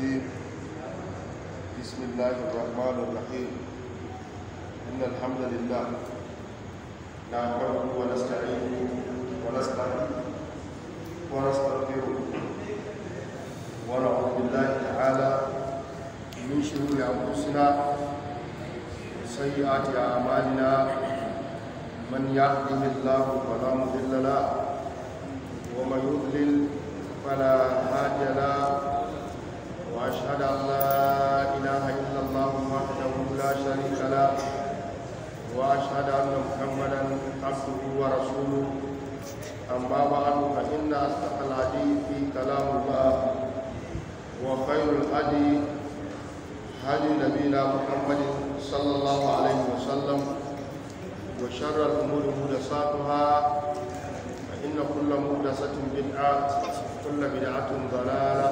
الرجيم بسم الله الرحمن الرحيم إن الحمد لله نعمله ونستعينه ونستعينه ونستغفره ونعوذ بالله تعالى من شرور أنفسنا وسيئات أعمالنا من يهده الله فلا مضل له ومن يضلل فلا هادي له وأشهد أن لا إله إلا الله وحده لا شريك له وأشهد أن محمدا عبده ورسوله أما بعد فإن أصدق الحديث كلام الله وخير الهدي هدي نبينا محمد صلى الله عليه وسلم وشر الأمور مدساتها فإن كل مدسه بدعة كل بدعة ضلالة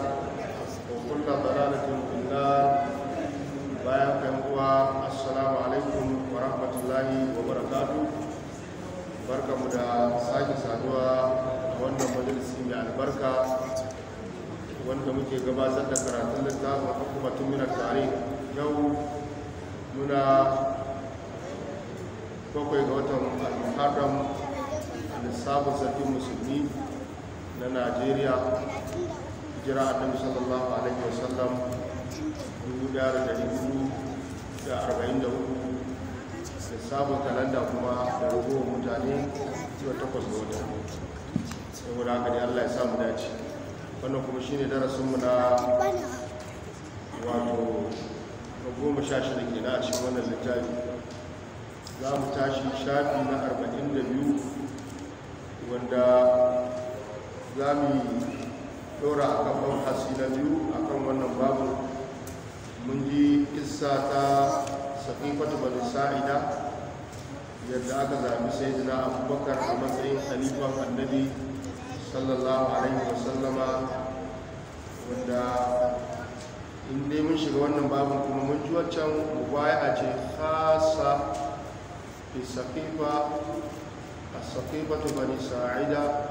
kulla dalalatin illa bayan kan assalamu alaikum wa rahmatullahi wa barakatu barka mu da sake saduwa wannan majalisi mai albarka wanda muke gabatar da karatun littafin hukumatun minar tare yau muna bakwai ga watan al-muharram lissafin musulmi na najeriya hijira annabi sallallahu alaihi wasallam dubu da dari da arba'in da hudu da sabon kalanda kuma da ragowar mutane zuwa takwas da wata saboda haka ne allah ya samu dace wannan kuma shine darasinmu na wato goma sha shida ke na cikin wannan littafi za mu tashi shafi na arba'in da biyu wanda za mu dora a kan mafasi na biyu a kan wannan babu mun ji isa ta saƙifatu bani sa'ida yadda aka zaɓi sai zina abubakar a matsayin halifan annabi sallallahu alaihi wasallama wanda in dai mun shiga wannan babin kuma mun ji waccan mubaya a ce hasa fi saƙifa a saƙifatu bani sa'ida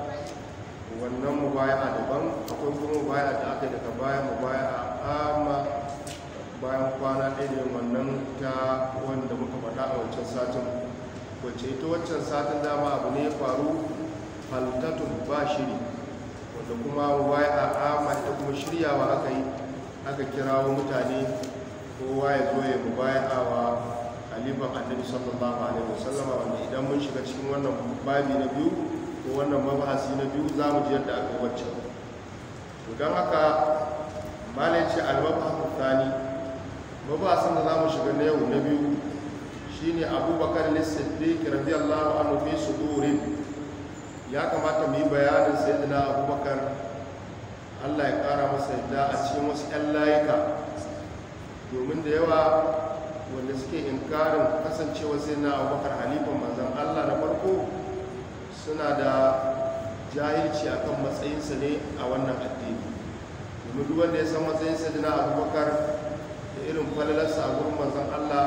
wannan mubaya'a daban akwai kuma mubaya'a da aka yi daga baya mubaya'a amma bayan kwana ɗaya ne wannan ta wanda muka faɗa a wancan satin wacce ita waccan satin dama abu ne ya faru halkatun ba shiri wanda kuma mubaya'a amma ita kuma shiryawa aka yi aka kirawo mutane kowa ya zo ya mubaya'a wa halifan annabi sallallahu alaihi wasallama wanda idan mun shiga cikin wannan babi na biyu ko wannan mabahasi na biyu za mu ji yadda aka yi don haka malai ce almabahasin thani mabahasin da za mu shiga na yau na biyu shine abubakar lissiddiq radiyallahu anhu fi sudurin ya kamata mu yi bayanin sayyidina abubakar Allah ya kara masa yadda a cikin wasu 'yan layuka domin da yawa wanda suke inkarin kasancewa sai na abubakar halifan manzan Allah na farko suna da jahilci a kan matsayinsa ne a wannan addini domin duk wanda ya san matsayinsa dina abubakar da irin falalarsa a gurin manzan allah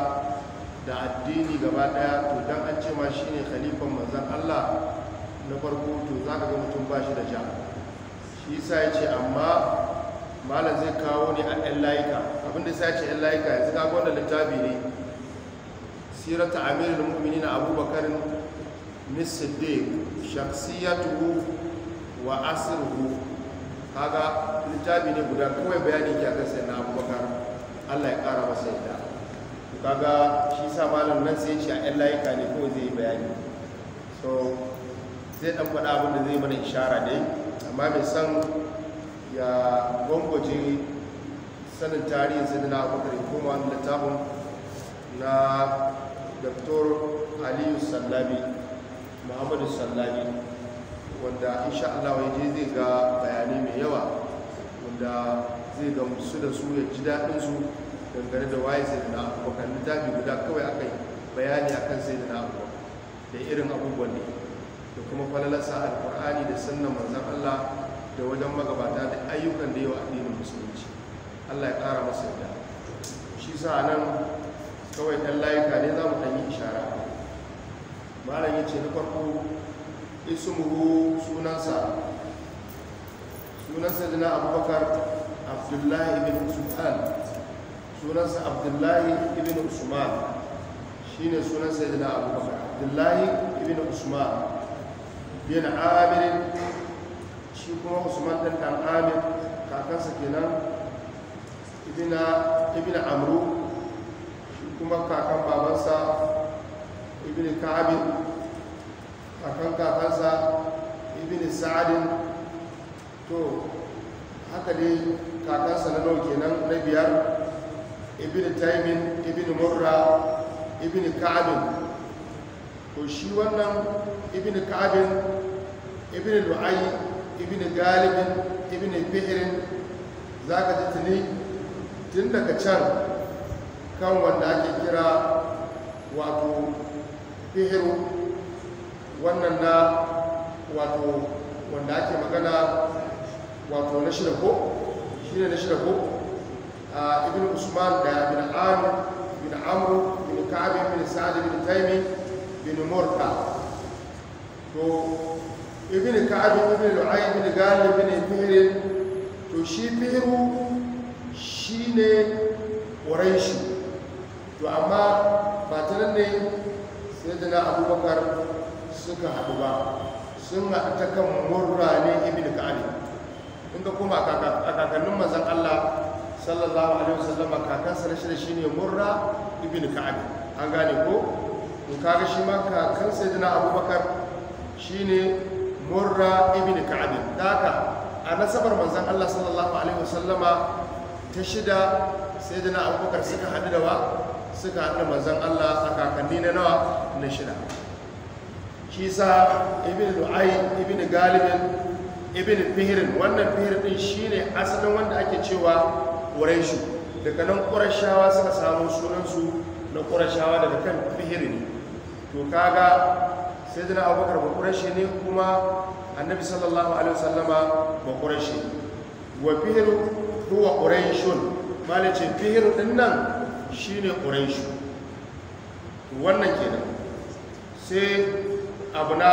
da addini gaba daya to don an ce ma shine khalifan manzan allah na farko to za ka ga mutum ba shi da ja shi sa ya ce amma malam zai kawo ne a yan layika abinda sa ya ce yan layika yanzu ka gwanda littafi ne sirata amirul mu'minin abubakar nisiddiq shaksiyatuhu wa asruhu kaga littafi ne guda kawai bayani ya akan na abubakar Allah ya kara masa yadda kaga shi sa malam nan sai shi a yan layuka ne ko zai yi bayani so zai dan faɗa abin da zai mana ishara ne. amma mai san ya gwangwaje sanin tarihin na abubakar ya koma wani littafin na dr aliyu Sallabi. muhammadu sallani wanda insha Allah wai je zai ga bayanai mai yawa wanda zai ga su da su ya ji daɗin su dangane da waye sai da abubakar littafi guda kawai aka yi bayani akan sai da abubakar da irin abubuwan ne da kuma falalarsa alkur'ani da sannan manzan Allah da wajen magabata da ayyukan da yawa addinin musulunci Allah ya ƙara masa yadda shi sa nan kawai ɗan layuka ne za mu ɗan yi ishara malam ya ce na farko ismuhu sunansa sunansa dina abubakar abdullahi ibn usman sunansa abdullahi ibn usman shi ne sunansa dina abubakar abdullahi ibn usman bin amirin shi kuma usman ɗan ɗan amir kakansa kenan ibina amuru shi kuma kakan babansa ibn a kan kakansa ibn sa'adin, to haka dai kakansa na nau kenan na biyar ibn taimin ibn murra ibn ka'ab to shi wannan ibn ka'ab ibn lu'ay ibn galib ibn fihr zaka ji tun daga can kan wanda ake kira wato Fihiru wannan na wato wanda ake magana wato na shida ko shi ne na shida ko a ibn usman da bin amir bin amru bin kabi bin sa'ad bin taimi bin murka to ibn Kabi, ibn lu'ay bin galib bin Fihiru, to shi Fihiru shi ne shine shi to amma ba ta nan ne sayyidina abubakar suka haɗu ba sun haɗu ta kan murra ne ibn ka'ani inda kuma a kakannin mazan allah sallallahu alaihi wasallama kakansa da shi ne murra ibn ka'ani an gane ko in kaga shi ma kakan sayyidina abubakar shi ne murra ibn ka'ani daka a nasabar manzan allah sallallahu alaihi wasallama ta shida sayyidina abubakar suka haɗu da wa suka haɗu manzan Allah a kakanni na nawa na shida shi sa ibini lu'ai ibini galibin ibini fihirin wannan fihirin shi ne asalin wanda ake cewa ƙuraishu daga nan ƙurashawa suka samu sunansu na ƙurashawa daga kan fihirin to kaga sai zina abubakar ba ƙurashi ne kuma annabi sallallahu alaihi wasallama ba ƙurashi wa fihiru huwa ƙurashun malin ce fihirin nan shine quraishu wannan nan. sai abu na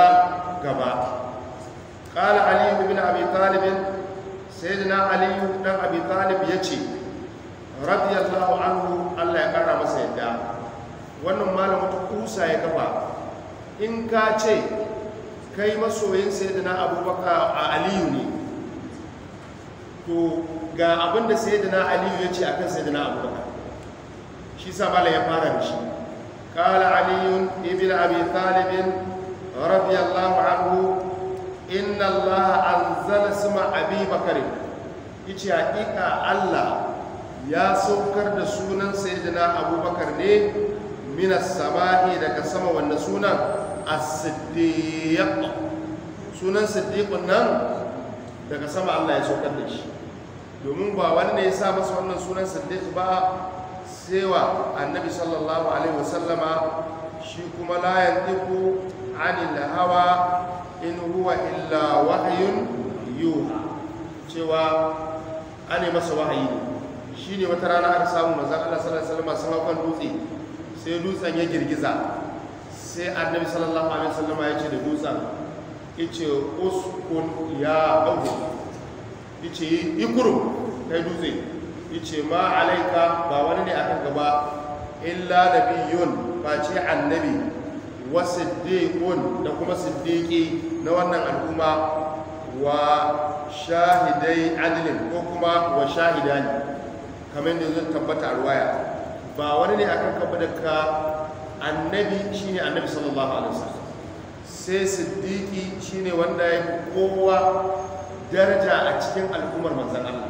gaba Aliyu علي بن ابي طالب سيدنا علي بن ابي طالب يجي رضي الله عنه allah ya kara masa yadda wannan malamin kusa ya gaba. in ka ce kai masoyin sayyidina abubakar a aliyu ne to ga abinda na aliyu ya ce akan sayyidina abubakar shi sa ya fara da shi Kala علي بن أبي طالب رضي الله عنه إن الله أنزل اسم أبي yace Allah ya saukar da sunan sayyidina abubakar ne minas sama'i daga sama wanda sunan as-siddiq sunan Siddiq nan daga sama Allah ya saukar da shi domin ba wani ne ya sa masa wannan sunan siddiq ba sewa annabi sallallahu alaihi wasallama shi kuma layan diku anil hawa in huwa illa wahayun yuha cewa an masa wahayi shi ne wata rana aka samu manzan Allah sallallahu alaihi wasallama sun hakan dutse sai dutsen ya girgiza sai annabi sallallahu alaihi wasallama ya ce da dutsen yace uskun ya abu yace ikuru kai dutse yace ma alaika ba wani ne akan gaba illa nabiyyun face annabi wa siddiqun da kuma siddiqi na wannan al'umma wa shahidai adlin ko kuma wa shahidani kamar ne zai tabbata ruwaya ba wani ne akan kafa da ka annabi shine annabi sallallahu alaihi wasallam sai siddiqi shine wanda ya kowa daraja a cikin al'ummar manzon Allah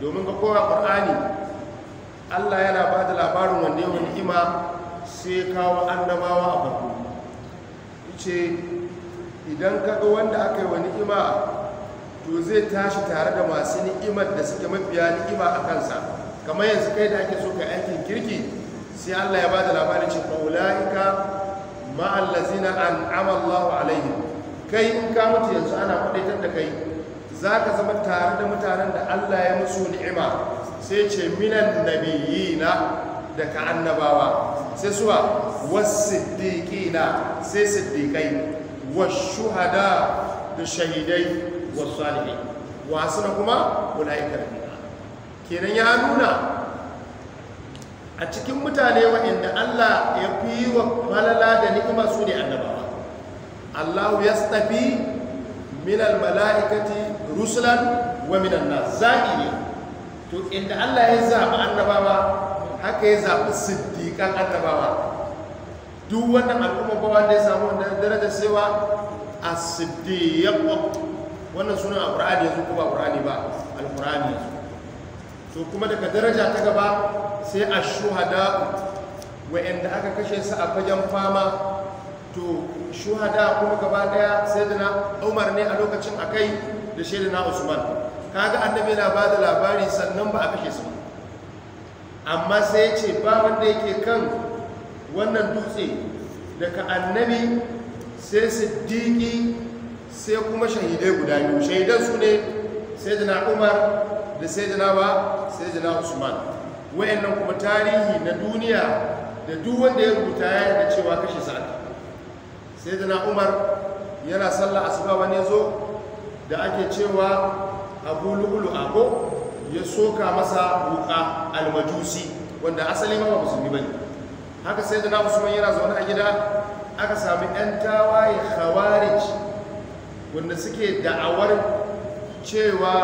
domin ga kowa ƙur'ani allah yana ba da labarin wanne wa ni'ima sai kawo annabawa a farko ce idan kaga wanda aka yi wa ni'ima to zai tashi tare da masu ni'imar da suke mafiya ni'ima a kansa kamar yanzu kai da ake so ka aikin kirki sai allah ya ba da labarin ce ƙaula'ika ma'allazina an amallahu alaihim kai in ka mutu yanzu ana faɗaitar da kai za ka zama tare da mutanen da Allah ya musu ni'ima sai ce minan nabiyina daga annabawa sai suwa wasiddiqina sai siddiqai washuhada da shahidai wasalihin wasu na kuma ulaika kenan ya nuna a cikin mutane waɗanda Allah ya fi wa malala da ni'ima su ne annabawa Allah ya stafi min al-mala'ikati rusulan wa minan zaɓi ne to inda Allah ya zaɓi annabawa haka ya zaɓi siddiƙan annabawa duk wannan al'umma ba wanda ya samu ya daraja cewa a siddiq wannan sunan alqur'ani yanzu ko ba alqur'ani ba alqur'ani to kuma daga daraja ta gaba sai a shuhada wa'anda aka kashe su a fagen fama to shuhada kuma gaba daya na Umar ne a lokacin akai da shaida na usman kaga annabi yana ba da labari sannan ba a kashe su amma sai ya ce ba wanda yake kan wannan dutse daga annabi sai siddiƙi sai kuma shahidai guda biyu shahidan su ne sai da na umar da sai da na ba sai da na usman wayannan kuma tarihi na duniya da duk wanda ya rubuta ya da cewa kashe sa'ad sai da na umar yana sallah asuba wani zo da ake cewa abu lulu abu ya soka masa wuka almajusi wanda asali ma musulmi bane haka sai da na usman yana zaune a gida aka samu yan tawaye khawarij wanda suke da'awar cewa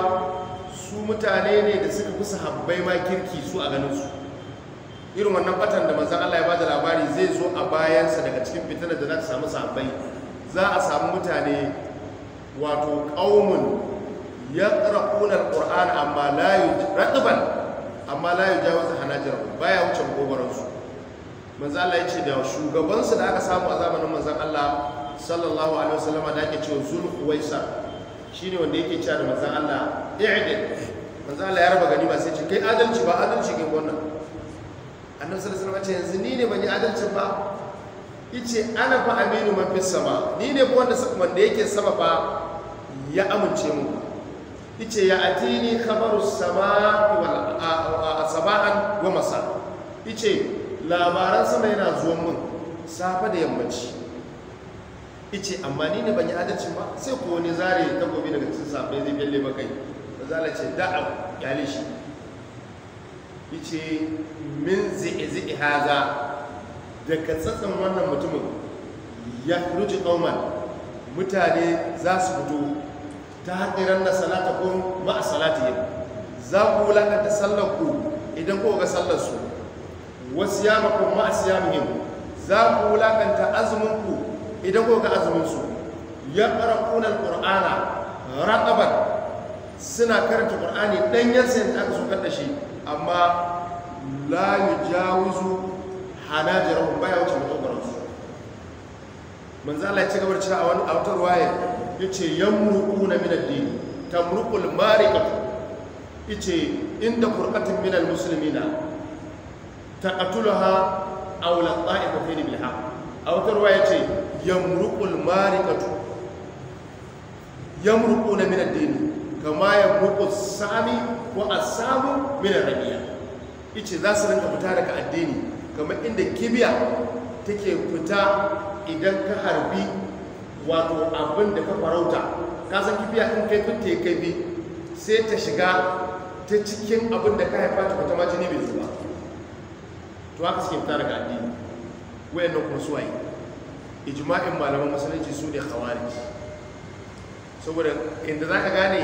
su mutane ne da suka fi Habbai ma kirki su a ganinsu. irin wannan batan da manzan Allah ya bada labari zai zo a bayansa daga cikin fitar da za ta samu sahabbai za a samu mutane wato ya yaqra'una ƙor'an amma layu yajratuban amma layu la yajawizu ba baya wuce gobaransu manzan Allah ya ce da shugaban su da aka samu a zamanin manzan Allah sallallahu alaihi wasallama da ake cewa Shi ne wanda yake cewa da manzan Allah i'dil manzan Allah ya raba gani ba sai ce kai adalci ba adalci ke wannan annabi sallallahu alaihi wasallama ce yanzu ni ne ban yi adalcin ba yace ana fa aminu man sama ni ne ba wanda wanda yake sama ba ya amince mu yace ya atini khabaru sama'i wal sabahan wa masa yace labaran sama yana zuwa mun safa da yammaci yace amma ni ne ban yi adalci ba sai ko wani zare ta gobe daga cikin sabai zai belle maka yi zala ce da'a yale shi yace min zai haza daga tsatsan wannan mutumin ya ruji ɗauman mutane za su fito ta hadiran na salata ko ma a salati za ku wulakanta sallar ku idan ku ga sallar su wasu yama ko ma a siya siyamihim za ku wulakanta azumin ku idan ku ga azumin su ya ƙarƙunan ƙur'ana raƙabar suna karanta ƙur'ani yansu yin aka su kaɗa shi amma la yi jawuzu hanajirahun baya wuce mutum manzo Allah ya ci gabar cewa a wani autar waye yace yamruquna min ad-din tamruqul ya ce inda furqatin min al-muslimina taqatulaha aw la ta'ifatayn bil haqq aw tarwa yace yamruqul mariqatu yamruquna min ad-din kama yamruqu sami ko a samu min rabiya ya ce za su rinka fita daga addini kama inda kibiya take fita idan ka harbi wato abin da ka farauta ka san kifiya in kai fitte kai bi sai ta shiga ta cikin abin da ka haifa ta maci ni mai zuba to haka suke fita daga addini wayannan kuma suwaye ijma'in malaman musulunci su ne khawarij saboda inda za ka gane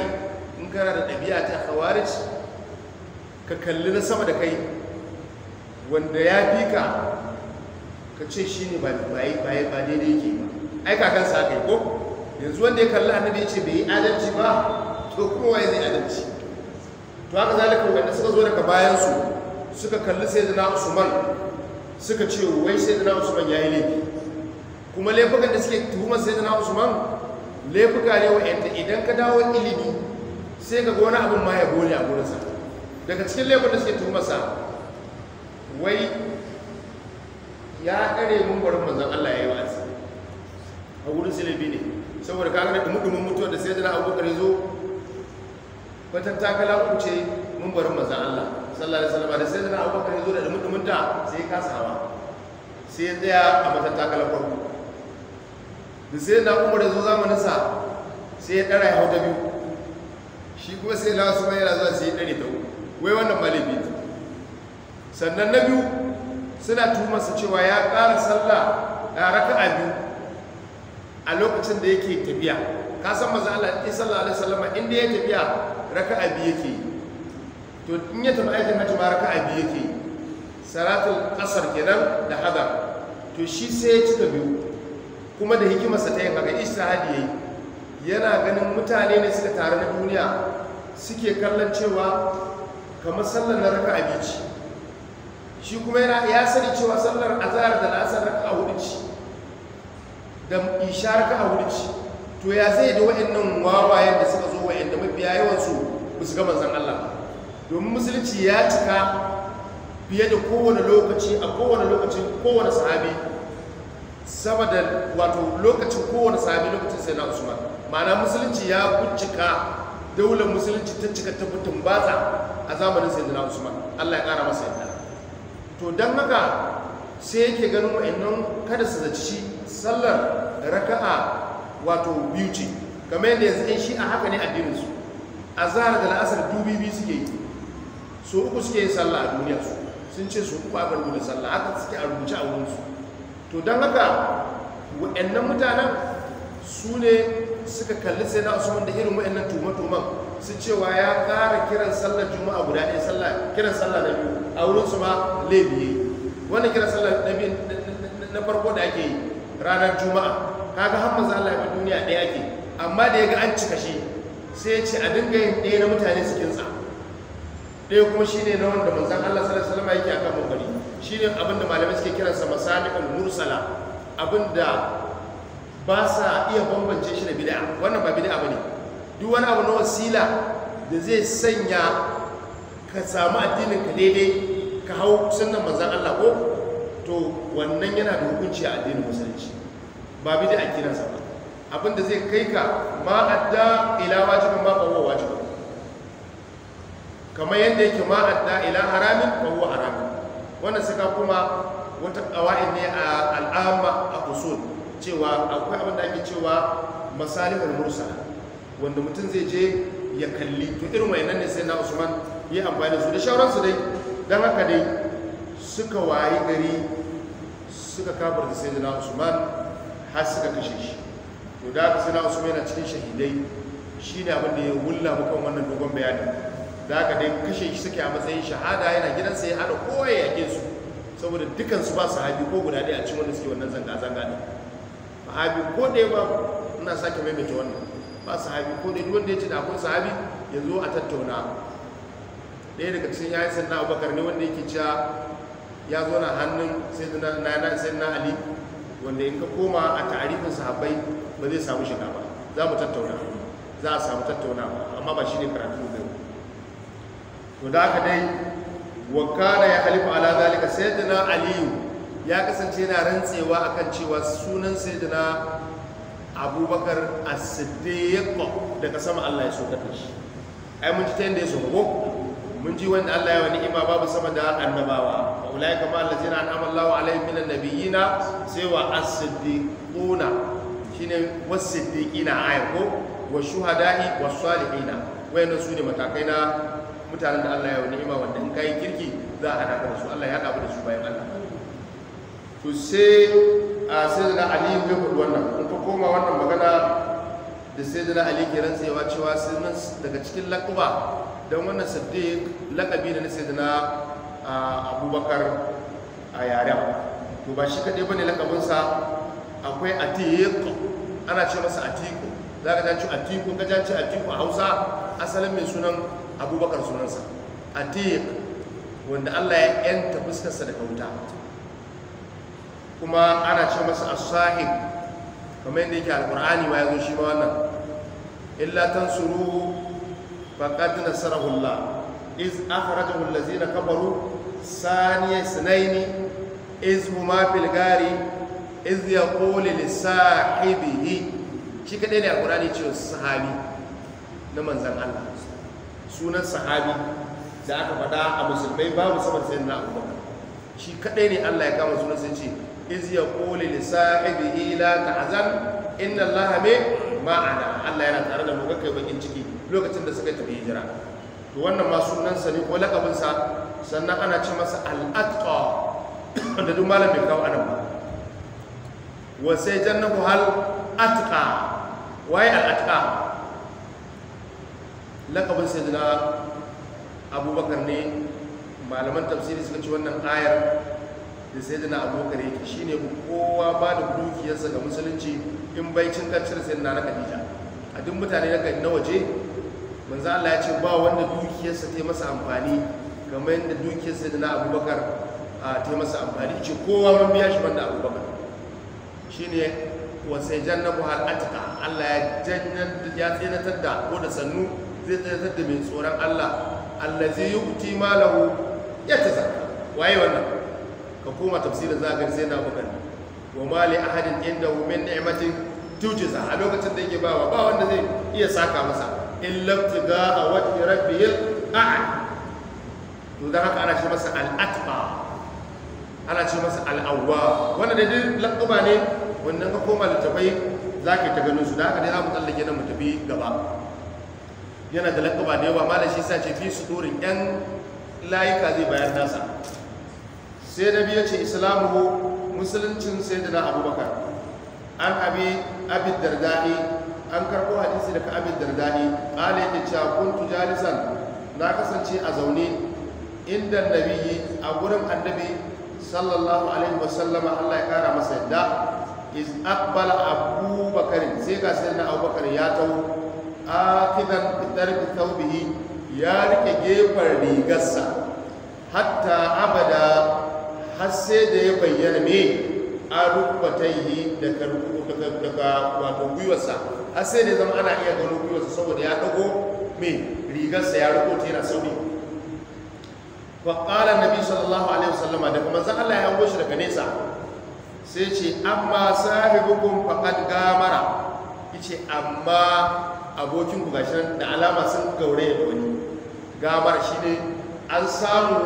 in kana da ɗabi'a ta khawarij ka kalli na sama da kai wanda ya fi ka ka ce shi ne ba daidai ke ba ai kakan sa yi ko yanzu wanda ya kalli annabi ya ce bai yi adalci ba to kuma waye zai adalci to haka zalika wanda suka zo daga bayan su suka kalli sayyidina usman suka ce wai sayyidina usman yayi laifi kuma laifukan da suke tuhumar sayyidina usman laifuka ne wa'anda idan ka dawo ilimi sai ka ga wani abin ma ya gole a gurinsa daga cikin laifin da suke tuhumar sa wai ya kare mun gurin manzon Allah ya yi wa a wurin silabi ne saboda kakar da dumudumin mutuwa da sai da abubakar ya zo wata takala uku ce mun bari maza Allah sallallahu alaihi wasallam da sai da abubakar ya zo da mutumin ta sai ya kasa hawa sai ya tsaya a matan takala farko da sai da umar ya zo zamanin sa sai ya dara ya hau ta biyu shi kuma sai da wasu yana zuwa sai ya dare ta wai wannan malibi sannan na biyu suna su cewa ya ƙara sallah a raka'a biyu a lokacin da yake tafiya ka san maza Allah sallallahu alaihi wasallam inda ya tafiya raka'a biye yake to in ya tafi aikin hajji raka raka'a biye yake salatul qasr kenan da hadar to shi sai ya cika biyu kuma da sa ta yin haka ishtihadi yayi yana ganin mutane ne suka tare na duniya suke kallon cewa kamar sallar na raka abici shi kuma yana ya sani cewa sallar azhar da la'asar raka a hudu ci da isharka a a wurci to ya zai da wa'annan wawayen da suka zo da mafiya yawansu ba su ga zan Allah domin musulunci ya cika fiye da kowane lokaci a kowane lokacin kowane sahabi sama da wato lokacin kowane sahabi lokacin sai na usman ma'ana musulunci ya kuncika daular musulunci ta cika tabbatin batsa a zamanin sai na usman Allah ya kara masa yadda to don haka sai yake ganin wa'annan kada su zaci sallar raka'a wato biyu ce kamar yadda yanzu ɗin shi a haka ne addininsu a zahar da la'asar dubi biyu suke yi su uku suke yin sallah a duniya su sun ce su uku abin nuna sallah haka suke a rubuce a wurinsu to don haka wa'annan mutanen su ne suka kalli sai na usman da irin wa'annan tuhume su cewa ya ƙara kiran sallar juma'a guda ɗaya sallah kiran sallah na biyu a wurinsu ma laifi wannan kiran sallah na farko da ake yi ranar juma'a kaga har manzo Allah ya duniya ɗaya ake amma da ya ga an cika shi sai ya ce a dinga yin daya na mutane su kinsa ɗaya kuma shi ne na wanda manzan Allah sallallahu alaihi wasallam yake akan mabari shi ne abinda malamai suke kiransa masalikul mursala abinda ba sa iya bambance shi da bid'a wannan ba bid'a bane duk wani abu na wasila da zai sanya ka samu addinin ka daidai ka hau sunnan manzan Allah ko to wannan yana da hukunci a addinin musulunci ba bi da a kiransa ba da zai kai ka ma adda ila wajibin ma ba wajibin kamar yadda yake ma adda ila haramin huwa haramin wannan suka kuma wata ƙawa'in ne a al'amma a usul cewa akwai abin da ake cewa masalihul mursal wanda mutum zai je ya kalli to irin wayannan ne sai na usman yi amfani da su da shauransu dai Dan haka dai suka wayi gari suka kabar da sayyidina usman har suka kashe shi to da aka sayyidina usman yana cikin shahidai shi ne abin da ya wulla mukan wannan dogon bayanin da aka dai kashe shi suke a matsayin shahada yana gidansa ya hada kowa ya yake su saboda dukansu ba sahabi ko guda ɗaya a cikin wanda suke wannan zanga-zanga ne sahabi ko ɗaya ba ina sake maimaita wannan ba sahabi ko ɗaya wanda ya ce da akwai sahabi ya zo a tattauna ɗaya daga cikin yayin sannan abubakar ne wanda yake cewa ya zo na hannun na ali wanda in ka koma a tarihin sahabbai ba zai samu shiga ba za mu tattauna za a samu tattauna amma ba shi ne karatu da to da aka dai wakana ya halifu ala zalika sayyidina aliyu ya kasance yana rantsewa akan cewa sunan sayyidina abubakar as-siddiq daga sama Allah ya so kada shi ai mun ji ta yanda ya so ko mun ji wanda Allah ya wani ima babu sama da annabawa wa ulai kama allazina an'ama Allahu alaihim minan nabiyina sai wa as-siddiquna shine was-siddiqina ayat ko wa shuhada'i was-salihina wayannan su ne matakai na mutanen da Allah ya wani ima wanda in kai kirki za a hada da su Allah ya hada da su bayan Allah to sai a sayyidina Ali ya faɗi wannan in ka koma wannan magana da sayyidina Ali ke rantsewa cewa sun daga cikin laquba don wannan sadiq lakabi da na sayyidina abubakar a yaren to ba shi kaɗai ba ne lakabinsa akwai atiku ana ce masa atiku za ka jaci atiku ka jaci atiku a hausa asalin mai sunan abubakar sunansa atiq wanda allah ya yanta fuskarsa da kauta kuma ana ce masa asahin kamar yadda yake alkur'ani ma ya zo shi ma wannan illa tan suruhu faqad nasarahu Allah iz akhrajahu allazina kafaru saniya sunaini iz huma fil gari iz yaqulu li sahibihi shi kadai ne alqur'ani ce sahabi na manzon Allah sunan sahabi da aka faɗa a musulmai babu saman sayin na abubakar shi kadai ne Allah ya kama sunan sai ce iz yaqulu li sahibihi la ta'zan inna Allah me ma'ana Allah yana tare da mu kai bakin ciki lokacin da suka tafi hijira to wannan ma sa ne ko sa sannan ana ce masa al'atqa wanda duk malam bai kawo anan ba wa sai jannahu hal atqa al-atqa lakabin sayyidina abubakar ne malaman tafsiri suka ce wannan ayar da sayyidina abubakar yake shine kowa ba da dukiyarsa ga musulunci in bai cin kancin sai na khadija a duk mutane na waje manzo Allah ya ce ba wanda dukiyarsa ta masa amfani kamar yadda dukiyarsa da na abubakar ta masa amfani ce kowa mun biya shi wanda abubakar ne wasai jannabu hal atqa Allah ya da ya tsinatar da ko da sannu zai tsinatar da mai tsoron Allah Allah zai yi kuti malahu ya tazakka waye wannan ka koma tafsirin zagar zai na bukan wa mali ahadin inda wumin ni'matin tujiza a lokacin da yake bawa ba wanda zai iya saka masa illa ibtiga rabbi rabbihil a'la to dan haka ana ce masa al'atba ana ce masa al'awwa wannan da duk laƙuba ne wannan ka koma littafai za ka yi ta ganin su da haka dai za mu tsallake nan mu tafi gaba yana da laƙuba da yawa malam shi sa ce fi su turin yan layuka zai bayar nasa sai na biya ce islamu musuluncin sai da na abubakar an abi abid dardai an karɓo hadisi daga abin dardani ƙala yake cewa kuntu jalisan na kasance a zaune inda nabiyyi a gurin annabi sallallahu alaihi wasallama Allah ya kara masa yadda iz aqbala abubakar sai ga na abubakar ya ta'u, a kidan fitar taubihi ya rike gefar rigarsa hatta abada har sai da ya bayyana me arukbatayhi da daga wato gwiwarsa har sai ne zama ana iya gano gwiwarsa saboda ya dago mai rigarsa ya rubuta yana sauri wa qala nabi sallallahu alaihi wasallama daga manzon Allah ya hango shi daga nesa sai ce amma sahibukum faqad gamara yace amma abokin ku gashi da alama sun gaure da wani gamar ne an samu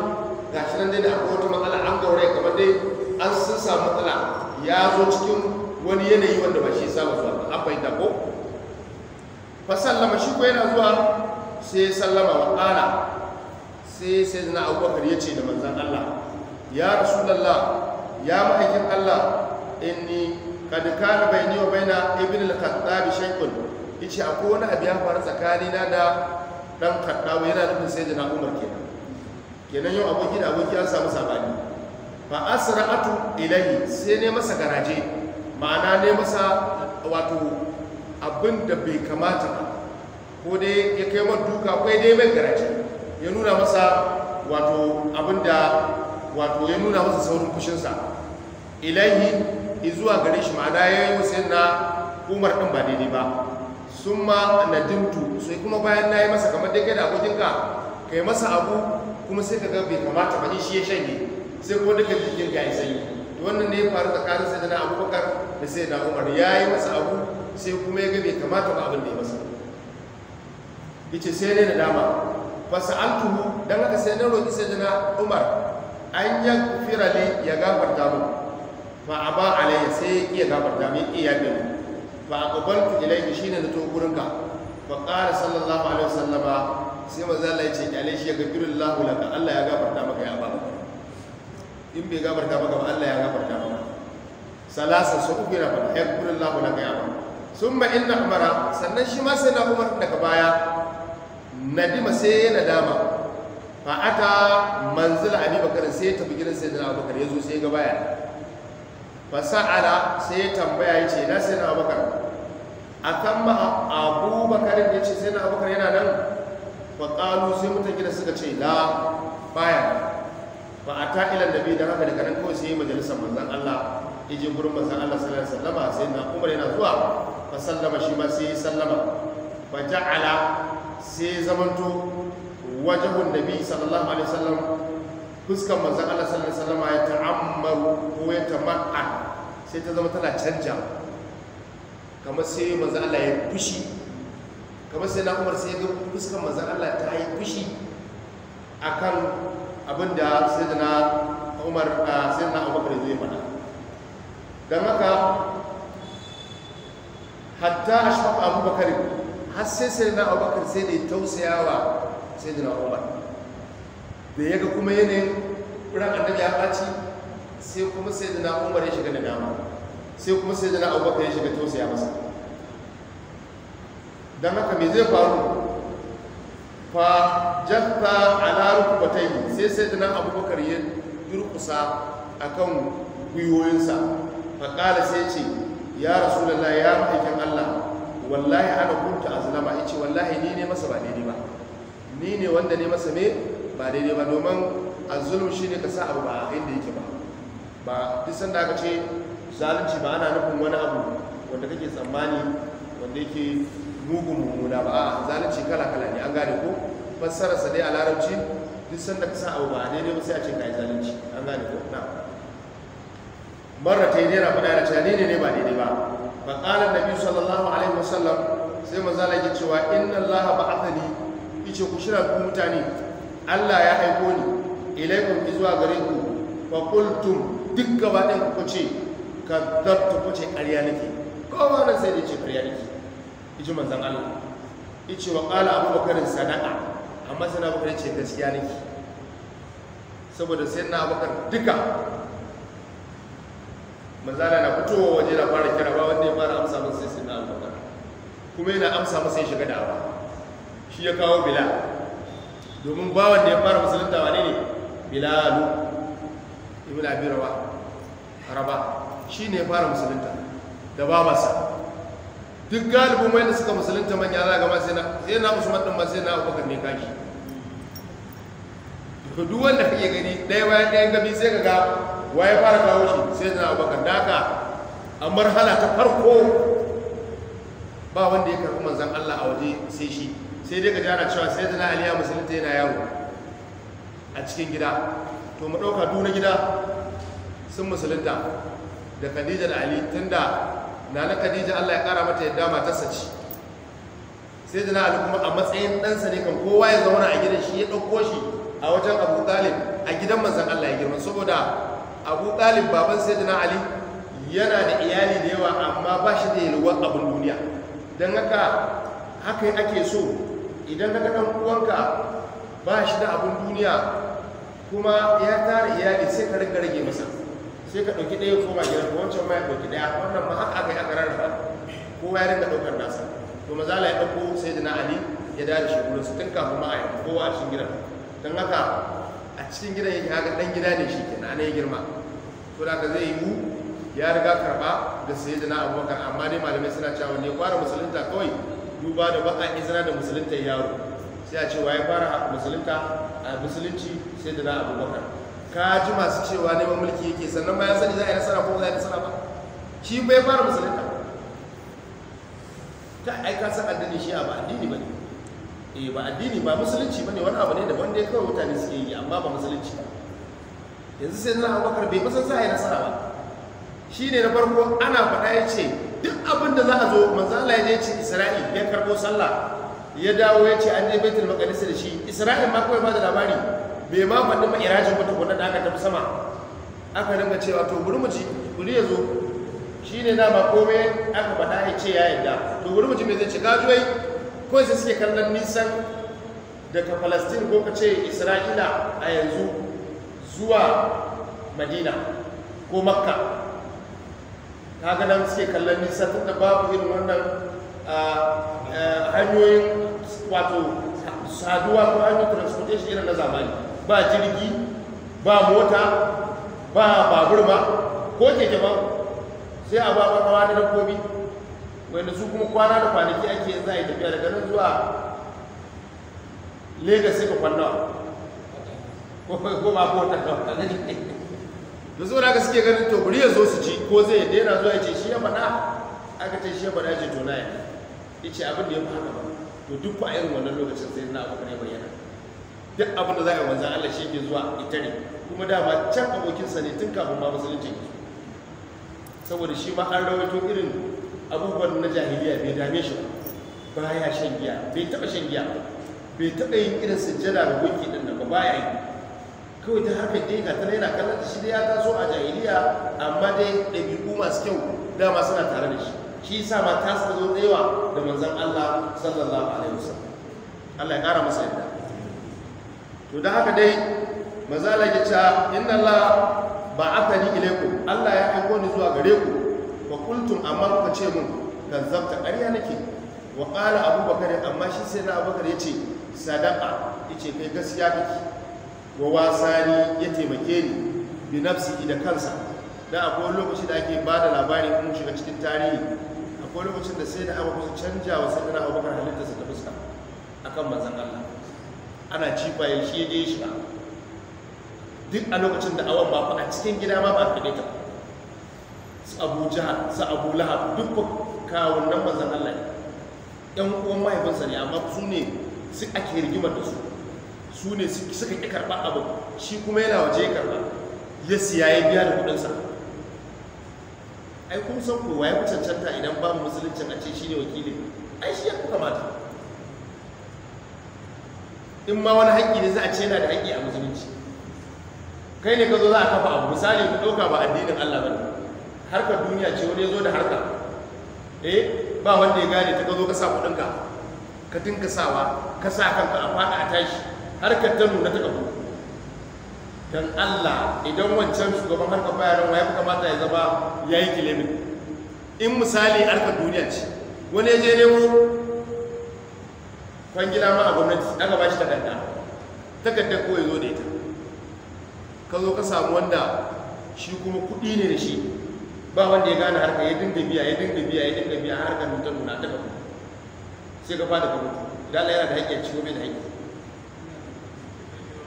gashi nan dai da akwai wata matsala an gaure kamar dai an sun samu matsala ya zo cikin wani yanayi wanda ba shi samu zuwa a fahimta ko fa sallama shi ko yana zuwa sai ya sallama wa ƙala sai sai zina abubakar ya ce da manzan allah ya rasulallah ya ma'aikin allah inni da bai ni wa bai na ibn al-khattabi shaikun ice akwai wani abu ya faru tsakanina da dan kaddawa yana nufin sai zina umar kenan kenan yau aboki da aboki an samu sabani fa asra'atu ilayhi sai ne masa garaje ma'ana ne masa wato abin da bai kamata ba ko dai ya kai man duka ko dai mai garaje ya nuna masa wato abin da wato ya nuna masa saurin kushinsa ilahi izuwa gare shi ma'ana ya yi wasu yana umar ɗin ba daidai ba sun ma na dimtu sai kuma bayan na yi masa kamar dai kai da abokinka kai masa abu kuma sai ka ga bai kamata ba shi ya shanye sai kuma duka jikin ga sanyi to wannan ne ya faru tsakanin sai na abubakar da sai na umar ya yi masa abu sai kuma ya ga bai kamata ba abin da ya masa yace sai ne nadama an tuhu don haka sai na roki sai na umar an yi ya kufira ne ya gafarta ba a aba alayya sai ya gafarta mu ya yabe mu ku ilai ilayhi shine na to gurin ka fa qala sallallahu alaihi wasallama sai manzo Allah ya ce alaihi ya gafirullahu laka Allah ya gafarta maka ya ba. in bai gabarta ba ba Allah ya gabarta ba salasa su uku yana fara ya kudin Allah na gaya ba sun ba inda umara sannan shi ma sai na umar daga baya nadima sai ya nadama fa aka manzila abi bakar sai ya tafi gidan sai da Abakar ya zo sai ga baya fa sa'ala sai ya tambaya ya ce na sai na Abakar a kan ma abubakar ya ce sai na Abakar yana nan fa qalu sai mutan gidan suka ce la baya ba a ta ilan da biyu da haka daga nan kawai sai majalisar manzan Allah ije gurin manzan Allah sallallahu alaihi wasallama sai na Umar yana zuwa fa sallama shi ma sai sallama fa ja'ala sai zamanto wajhun nabi sallallahu alaihi wasallam fuskan manzan Allah sallallahu alaihi wasallama ya ta'ammaru ko ya tama'a sai ta zama tana canja kamar sai manzan Allah ya fushi kamar sai na Umar sai ya ga fuskan manzan Allah ta yi fushi akan abinda sayyidina umar ah, sayyidina abubakar zai mana don haka hatta ashfaq abubakar har sai sayyidina abubakar sai ne tausayawa sayyidina umar da ya ga kuma yanayin ran annabi ya ɓaci sai kuma sayyidina umar ya shiga da dama sai kuma sayyidina abubakar ya shiga tausaya masa don haka me zai faru fa a ala rukbatai sai sai da nan abubakar ya durkusa akan gwiwoyinsa fa kala sai ce ya rasulullah ya ma'aikin Allah wallahi ana kunta azlama yace wallahi ni ne masa ba daidai ba ni ne wanda ne masa me ba daidai ba domin azulum shine ka sa abu ba inda yake ba ba duk sanda aka ce zalunci ba ana nufin wani abu wanda kake tsammani wanda yake mugun mummuna ba a zalunci kala kala ne an gane ko fassararsa dai a larabci duk sanda ka san abu ba a daidai ba sai a ce yi zalunci an gane ko na marra ta yi naira fada da cewa ne ne ba daidai ba ba ƙalar nabi sallallahu alaihi wasallam sai mazala yake cewa inna allaha ne ice ku shirar ku mutane Allah ya aiko ni ilaikum zuwa gare ku fa qultum duk gaba ɗin ku ce zartu ku ce ƙarya nake kowa nan sai da ce karya yake iji manzan Allah ice wa ƙala abubakarin sana'a amma na abubakar ce gaskiya ne saboda sai na abubakar duka manzana na fitowa waje na fara kira ba wanda ya fara amsa masa sai na abubakar kuma yana amsa masa ya shiga abu shi ya kawo bila domin bawan wanda ya fara musulunta wane ne bilalu ibn abi rawa raba shi ne ya fara musulunta da babasa duk mai da suka musulunta manya za ga masu yana musulman ɗin masu yana abubakar ne kashi to duk wanda kake gani ɗaya bayan ɗayan gabi sai ka ga waye fara kawo shi sai na abubakar da haka a marhala ta farko ba wanda ya karɓi manzan allah a waje sai shi sai dai ka jana cewa sai na aliya musulunta yana yawo a cikin gida to mu ɗauka duna na gida sun musulunta da khadija da ali tunda na na khadija allah ya kara mata yadda matarsa ce sai da na kuma a matsayin ɗansa ne kan kowa ya zauna a gidan shi ya ɗauko shi a wajen abu ɗalib a gidan manzan allah ya girma saboda abu ɗalib baban sai da na ali yana da iyali da yawa amma ba shi da yalwar abin duniya don haka haka ake so idan ka ɗan uwanka ba shi da abun duniya kuma ya tara iyali sai ka rage masa sai ka ɗauki ɗaya ko koma ko wancan ma ya ɗauki ɗaya wannan ba haka aka yi aka rarraba kowa ya rinka ɗaukar nasa to mazala ya ɗauko sai da na ali ya da shi gurin su tun kafin ma a yi kowa a cikin gidan don haka a cikin gidan yake haka ɗan gida ne shi kenan ana ya girma to da ka zai yi mu ya riga karɓa da sai da na abubakar amma dai malamai suna cewa ne fara musulunta kawai duba da ba a izina da musulunta yaro sai a ce wa ya fara musulunta a musulunci sai da na abubakar ka ji masu cewa neman mulki yake sannan bayan sani za a yi nasara ko za a yi nasara ba shi bai fara musulunta ta aika san addini shi a ba addini ba ne eh ba addini ba musulunci ba ne wani abu ne da wanda ya kawai mutane suke yi amma ba musulunci ba yanzu sai na abubakar bai kusan za a yi nasara ba shi ne na farko ana faɗa ya ce duk abin da za a zo manzala ya ce isra'il ya karɓo sallah ya dawo ya ce an je baitul maqdis da shi isra'il ma kawai ba da labari bai ma faɗi ma irajin ba tukunna da aka tafi sama aka ringa cewa to buri mu ci ya zo shi ne dama kome aka bada ya ce ya yadda to buri mu ci mai zai ci gajuwai ko sai suke kallon nisan daga falastin ko ka ce isra'ila a yanzu zuwa madina ko makka ga nan suke kallon nisan tun da babu irin wannan hanyoyin wato saduwa ko hanyoyin transportation irin na zamani ba jirgi ba mota ba babur ba ko keke ba sai a babar hawa da dabbobi wanda su kuma kwana da kwanaki ake za a yi tafiya daga nan zuwa lagos sai ka kwanna ko ba ko ta da zo da suke ganin to bari ya zo su ci ko zai daina zuwa ya ce shi ya faɗa aka ce shi ya bada ya ce to na ya ce abin da ya haka ba to duk a irin wannan lokacin sai na abu ne bayyana duk abin da za a yi manzan Allah shi ke zuwa itare kuma dama can abokinsa ne tun kafin ma musulunci saboda shi ma an rawaito irin abubuwan na jahiliya bai dame shi ba ya shan giya bai taɓa shan giya bai taɓa yin irin sujjada da gunki ɗin da ba ba ya yi kawai ta haka dai ga tana yana kallon shi dai ya taso a jahiliya amma dai ɗabi'u masu kyau dama suna tare da shi shi sa ma ta zo da yawa da Allah sallallahu alaihi wasallam Allah ya ƙara masa yadda to da haka dai mazala ya ce inna Allah ba'athani ilaykum Allah ya aiko ni zuwa gare ku fa kuntum amma kuka ce mun kazzabta ƙarya nake wa qala abubakar amma shi sai na abubakar yace sadaqa yace kai gaskiya kake wa wasani ya taimake ni bi nafsi da kansa da akwai lokaci da ake ba da labari mun shiga cikin tarihi akwai lokacin da sai da abu kusa canja wa sai da halitta halittarsa ta fuska akan manzon Allah ana jifa ya shi dai shi ba duk a lokacin da awon ba a cikin gida ma ba ka daita su abu jihar su abu lahab duk kawun nan manzan Allah ne yan uwan mahaifinsa ne amma su ne su ake rigimar da su su ne suka ƙi karɓa abu shi kuma yana waje ya karɓa ya siya ya biya da kuɗinsa ai kun san kowa ya fi cancanta idan babu musuluncin a ce shi ne wakilin ai shi ya kamata in ma wani haƙƙi ne za a ce yana da haƙƙi a musulunci kai ne ka zo za a kafa abu misali ku ɗauka ba addinin Allah ba harkar duniya ce wani ya zo da harka eh ba wanda ya gane ta ka zo ka sa kuɗinka ka tinka sawa ka sa kanka a faɗa a tashi harkar ta nuna ta kafa Dan Allah idan wancan shugaban harkar bayanan ya fi kamata ya zama yayi yi kilimin in misali harkar duniya ce wani ya je nemo kwangila ma a gwamnati aka ba shi takarda takardar kawai zo da ita ka zo ka samu wanda shi kuma kuɗi ne da shi ba wanda ya gane harka ya dinga biya ya dinga biya ya dinga biya harka mutum nuna ta kafa sai ka fada ka mutu idan Allah yana da haƙƙi ciwo bai da haƙƙi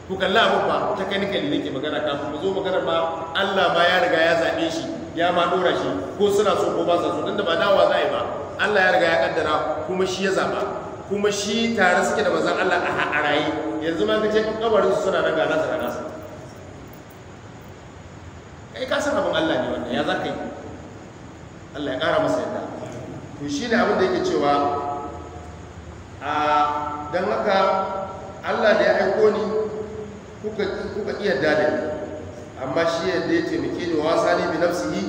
ku kalla abu ba ta kai nikali nake magana kafin mu zo magana ma Allah ma ya riga ya zaɓe shi ya ma ɗora shi ko suna so ko ba sa so da ba dawa za a yi ba Allah ya riga ya kaddara kuma shi ya zaɓa kuma shi tare suke da mazan Allah a raye yanzu ma kace kabarin su suna nan ga nasu nasu kai ka san abin Allah ne wannan ya zaka yi Allah ya kara masa yadda to ne abin da yake cewa a dan haka Allah da ya aiko ni kuka kuka iya dade amma shi yadda ya taimake ni wasa ne bi nafsihi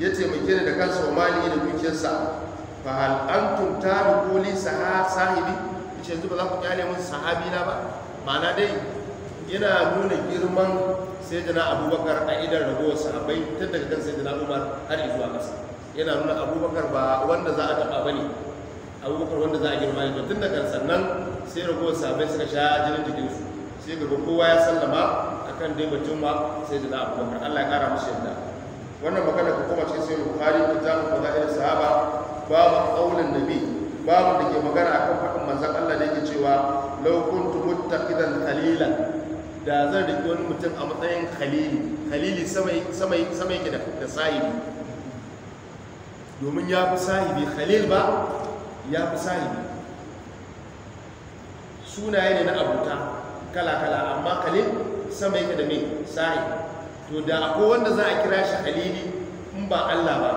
ya taimake ni da kansa wa mali da dukiyarsa fahal an antum tabiqu li sahibi yace ce zuba za ku kyale musu sahabi na ba ma'ana dai yana nuna girman jana abubakar a idan ragowar sahabbai tun daga kan jana umar har zuwa ƙasa yana nuna abubakar ba wanda za a taɓa ba ne abubakar wanda za a girma ne tun daga sannan sai ragowar sahabbai suka sha jinin jikinsu sai gaba kowa ya sallama akan dai batun ma jana abubakar allah ya ƙara musu yadda wannan magana ko kuma cikin sayyidina bukhari kitabun fadail sahaba babu qaulin nabi babu da ke magana akan faɗin manzan Allah da yake cewa laukun tumuta idan kalilan da zan rike wani mutum a matsayin kalili kalili sama yake da da sahibi domin ya fi sahibi khalil ba ya fi sahibi sunaye ne na abuta kala kala amma khalil sama yake da me sahibi to da akwai wanda za a kira shi kalili in ba Allah ba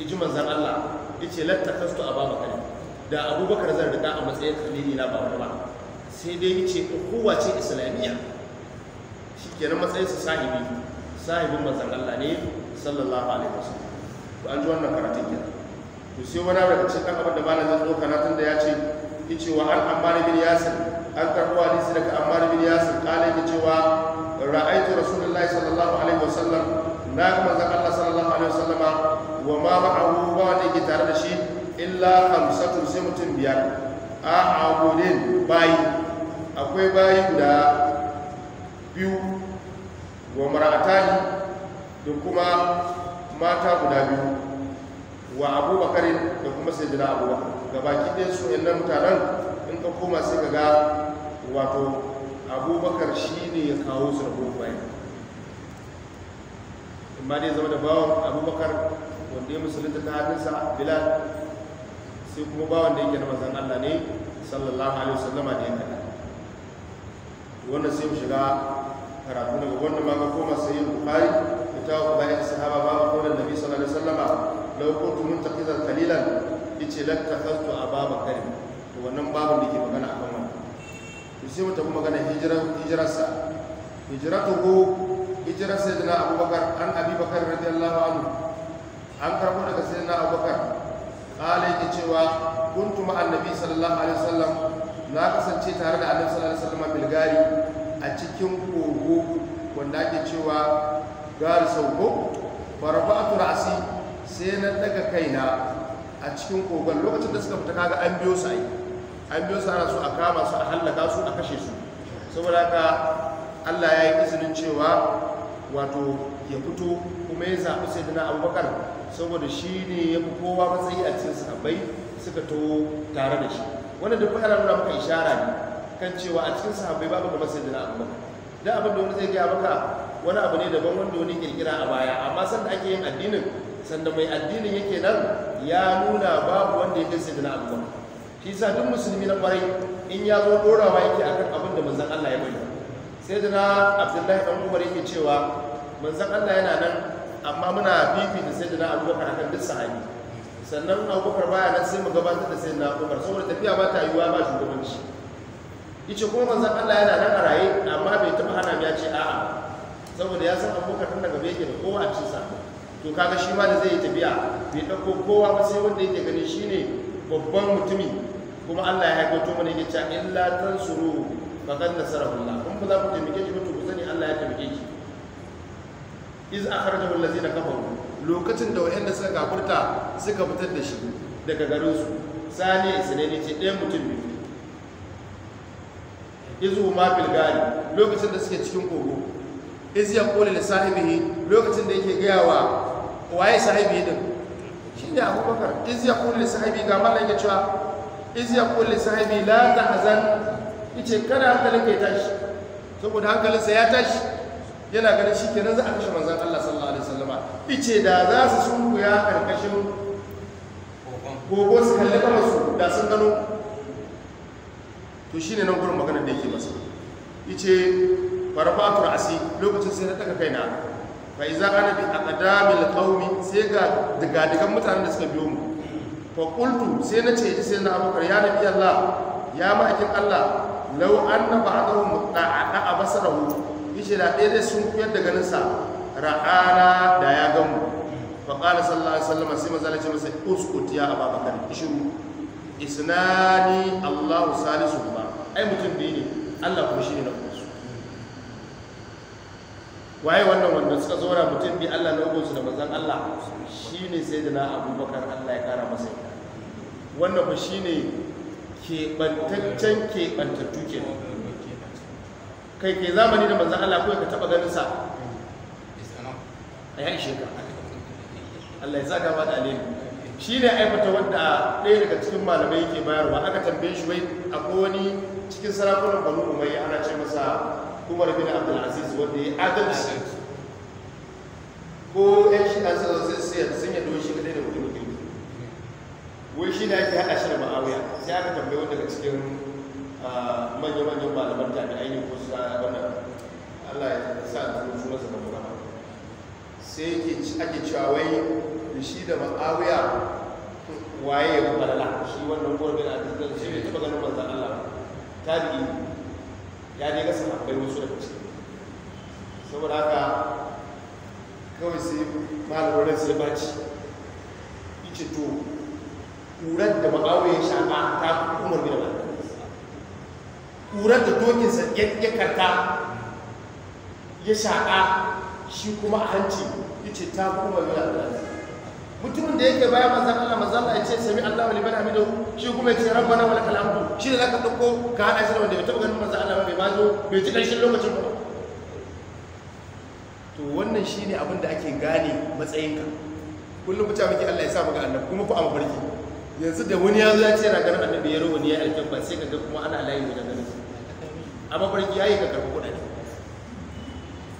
iji manzan Allah yace baba kare da abubakar zan riga a matsayin khalili na ba ba sai dai yace ukuwa ce islamiyya shikenan matsayin su sahibi sahibin manzon Allah ne sallallahu alaihi wasallam to an ji wannan karatun kenan to sai wani abu da ce kan abin da na zan zo na tunda ya ce yace wa an ammar bin yasir an karbo hadisi daga ammar bin yasir kale ke cewa ra'aytu rasulullahi sallallahu alaihi wasallam na manzon Allah sallallahu alaihi wasallam wa ma ma'ahu ba wanda yake tare da shi illa hamsatun sai mutum biyar a abudin bayi akwai bayi guda biyu wa mara'atani da kuma mata guda biyu wa abubakarin da kuma sai sayyidina abubakar gabaki ɗin su yan mutanen in ka koma sai ka ga wato abubakar shi ne ya kawo su da bayi amma dai zama da bawon abubakar wanda ya musulunta ta hannunsa bilal sai kuma ba wanda yake na mazan allah ne sallallahu alaihi wasallama da ya kada wannan sai mu shiga karatu daga wannan ma ga koma sai yin bukari da ta wa bayan sahaba ba ga kodan nabi sallallahu alaihi wasallama lau kuntu muntakizan kalilan yace lakkafastu ababakar to wannan babun da ke magana akan wannan to sai mu tafi magana hijira hijirarsa hijiratuhu hijirar sayyidina abubakar an abubakar radiyallahu anhu an karbo daga sayyidina abubakar qala yake cewa kuntu ma annabi sallallahu alaihi wasallam na kasance tare da annabi sallallahu alaihi wasallam bilgari a cikin kogo wanda ake cewa gari sauko tura ra'si sai na daga kaina a cikin kogon lokacin da suka fita kaga an biyo su an biyo su ana so a kama su a hallaka su a kashe su saboda haka Allah ya yi izinin cewa wato ya fito kuma ya zaɓi sai dana abubakar saboda shi ne ya fi kowa matsayi a cikin sahabbai suka to tare da shi wannan duk ana nuna maka ishara ne kan cewa a cikin sahabbai babu da masai da abu da abin da wani zai gaya maka wani abu ne daban wanda wani kirkira a baya amma sanda ake yin addinin sanda mai addinin yake nan ya nuna babu wanda ya kai na abu shi sa duk musulmi na kwarai in ya zo dorawa yake akan abin da manzon Allah ya bayyana na Abdullahi dan Umar yake cewa manzon Allah yana nan amma muna da sai da na abubakar akan duk sahabi sannan abubakar baya nan sai mu gabatar da sai na abubakar saboda tafiya ba ta yiwuwa ba shugabanci ice kuma manzan Allah yana nan a raye amma bai taɓa hana ya ce a'a saboda ya san abubakar tun daga yake da kowa a cinsa to kaga shi ma da zai yi tafiya bai ɗauko kowa ba sai wanda yake gani shine babban mutumi kuma Allah ya to mana yake cewa illa tansuru faqad allah kun ba za ku taimake shi ba to ku sani Allah ya taimake shi iz akhrajahu allazina kafaru lokacin da wayanda suka kafurta suka fitar da shi daga garin su sani sanani ce ɗaya mutum biyu izu ma fil gari lokacin da suke cikin kogo iz yaqulu da sahibihi lokacin da yake gaya wa waye sahibi din shine abubakar iz yaqulu da sahibi ga mallan ya cewa iz yaqulu da sahibi la tahzan yace kada hankalinka ya tashi saboda hankalinsa ya tashi yana ganin shi kenan za a kashe manzan Allah sallallahu alaihi wasallama ice da za su sunkuya karkashin gogo su kalli su da sun gano to shine nan gurin maganar da yake masa ice farfatu asi lokacin sai na daga kaina fa iza ana bi aqdamil qaumi sai ga daga digan mutanen da suka biyo mu fa qultu sai na ce sai na abubakar ya nabi Allah ya ma'akin Allah an law a ba'dahum da'a basarar yace da ɗaya dai sun kuyar da ganinsa ra'ana da ya gan mu fa qala sallallahu alaihi wasallam sai manzo Allah ce masa uskut ya ababakar ishiru isnani Allahu salisu ba ai mutum biyu ne Allah kuma shine na uku waye wannan wanda suka zora mutum biyu Allah na uku da manzon Allah shine na Abubakar Allah ya kara masa wannan ba shine keɓantaccen keɓantattu kenan kai kai zamani da manzan Allah ko ka taba ganin sa a ya ishe ka Allah ya zaga ba da shi ne aibata wadda ɗaya daga cikin malamai yake bayarwa aka tambaye shi wai a wani cikin sarakunan banu umayya ana ce masa kumar bin abdul aziz wanda ya adalci ko yan shi a sai yadda sun yadda shi kadai da wani mutum wai shi ne ake haɗa shi da ma'awiya sai aka tambaye wanda daga cikin manya-manyan malaman jami'ai ne ko su a wannan allah ya sa tuno suna su da sai ake cewa wai da shi da ma'awiya waye ya kuma balala shi wannan gurbin a cikin shi ne ta ganin manzan allah ta tarihi ya ne gasa akwai wasu da ciki saboda haka kawai sai malamin sai baci ce to ƙurar da ma'awiya shaƙa ta kuma gina ba. ƙurar da dokinsa ya karta ya shaƙa shi kuma a hanci ya ce ta kuma mila Allah mutumin da yake bayan maza Allah maza Allah ya ce sami Allah wani bana mido shi kuma ya ce bana wani kalamu shi da zaka ɗauko ka haɗa shi da wanda bai taɓa ganin manzan Allah bai bazo bai ji ƙarshen lokacin ba to wannan shi ne abin da ake gane matsayinka kullum mutum muke Allah ya sa maka annabi kuma ku amfarki yanzu da wani ya zo ya ce na ganin annabi ya rawa ne ya alƙin ba sai ka ga kuma ana layi da ganin a mafarki yayi ka karɓi kuɗaɗe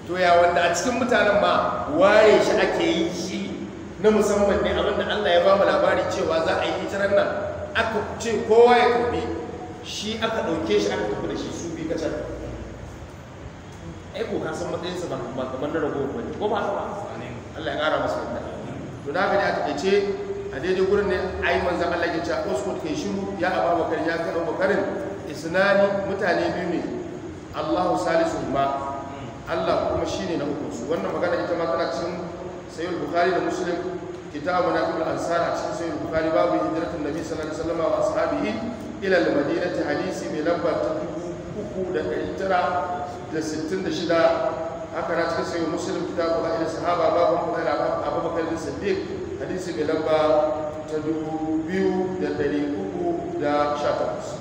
to ya wanda a cikin mutanen ba waye shi ake yi shi na musamman ne abinda Allah ya ba mu labari cewa za a yi hitarar nan aka ce kowa ya karɓi shi aka ɗauke shi aka tafi da shi su bi kacar ai ko ka san matsayinsa ba ba kamar na ragowar wani, ko ba ba Allah ya ƙara masa yadda to na gani a taƙaice a daidai gurin ne ai manzan Allah ya ce a kai shiru ya ababakar ya kan abubakarin isnani mutane biyu ne Allahu salisu ba Allah kuma shi ne na hukunsu wannan magana ita ma cin cikin sayyid bukhari da muslim kitabu na kul ansar a cikin sayyid bukhari babu hijratun nabi sallallahu alaihi wasallam wa ashabihi ila al-madinati hadisi mai lamba ta uku da da da sittin shida. haka na cikin sayyid muslim kitabu na ila sahaba babu kuma abubakar sadiq hadisi mai lamba ta dubu biyu da da uku takwas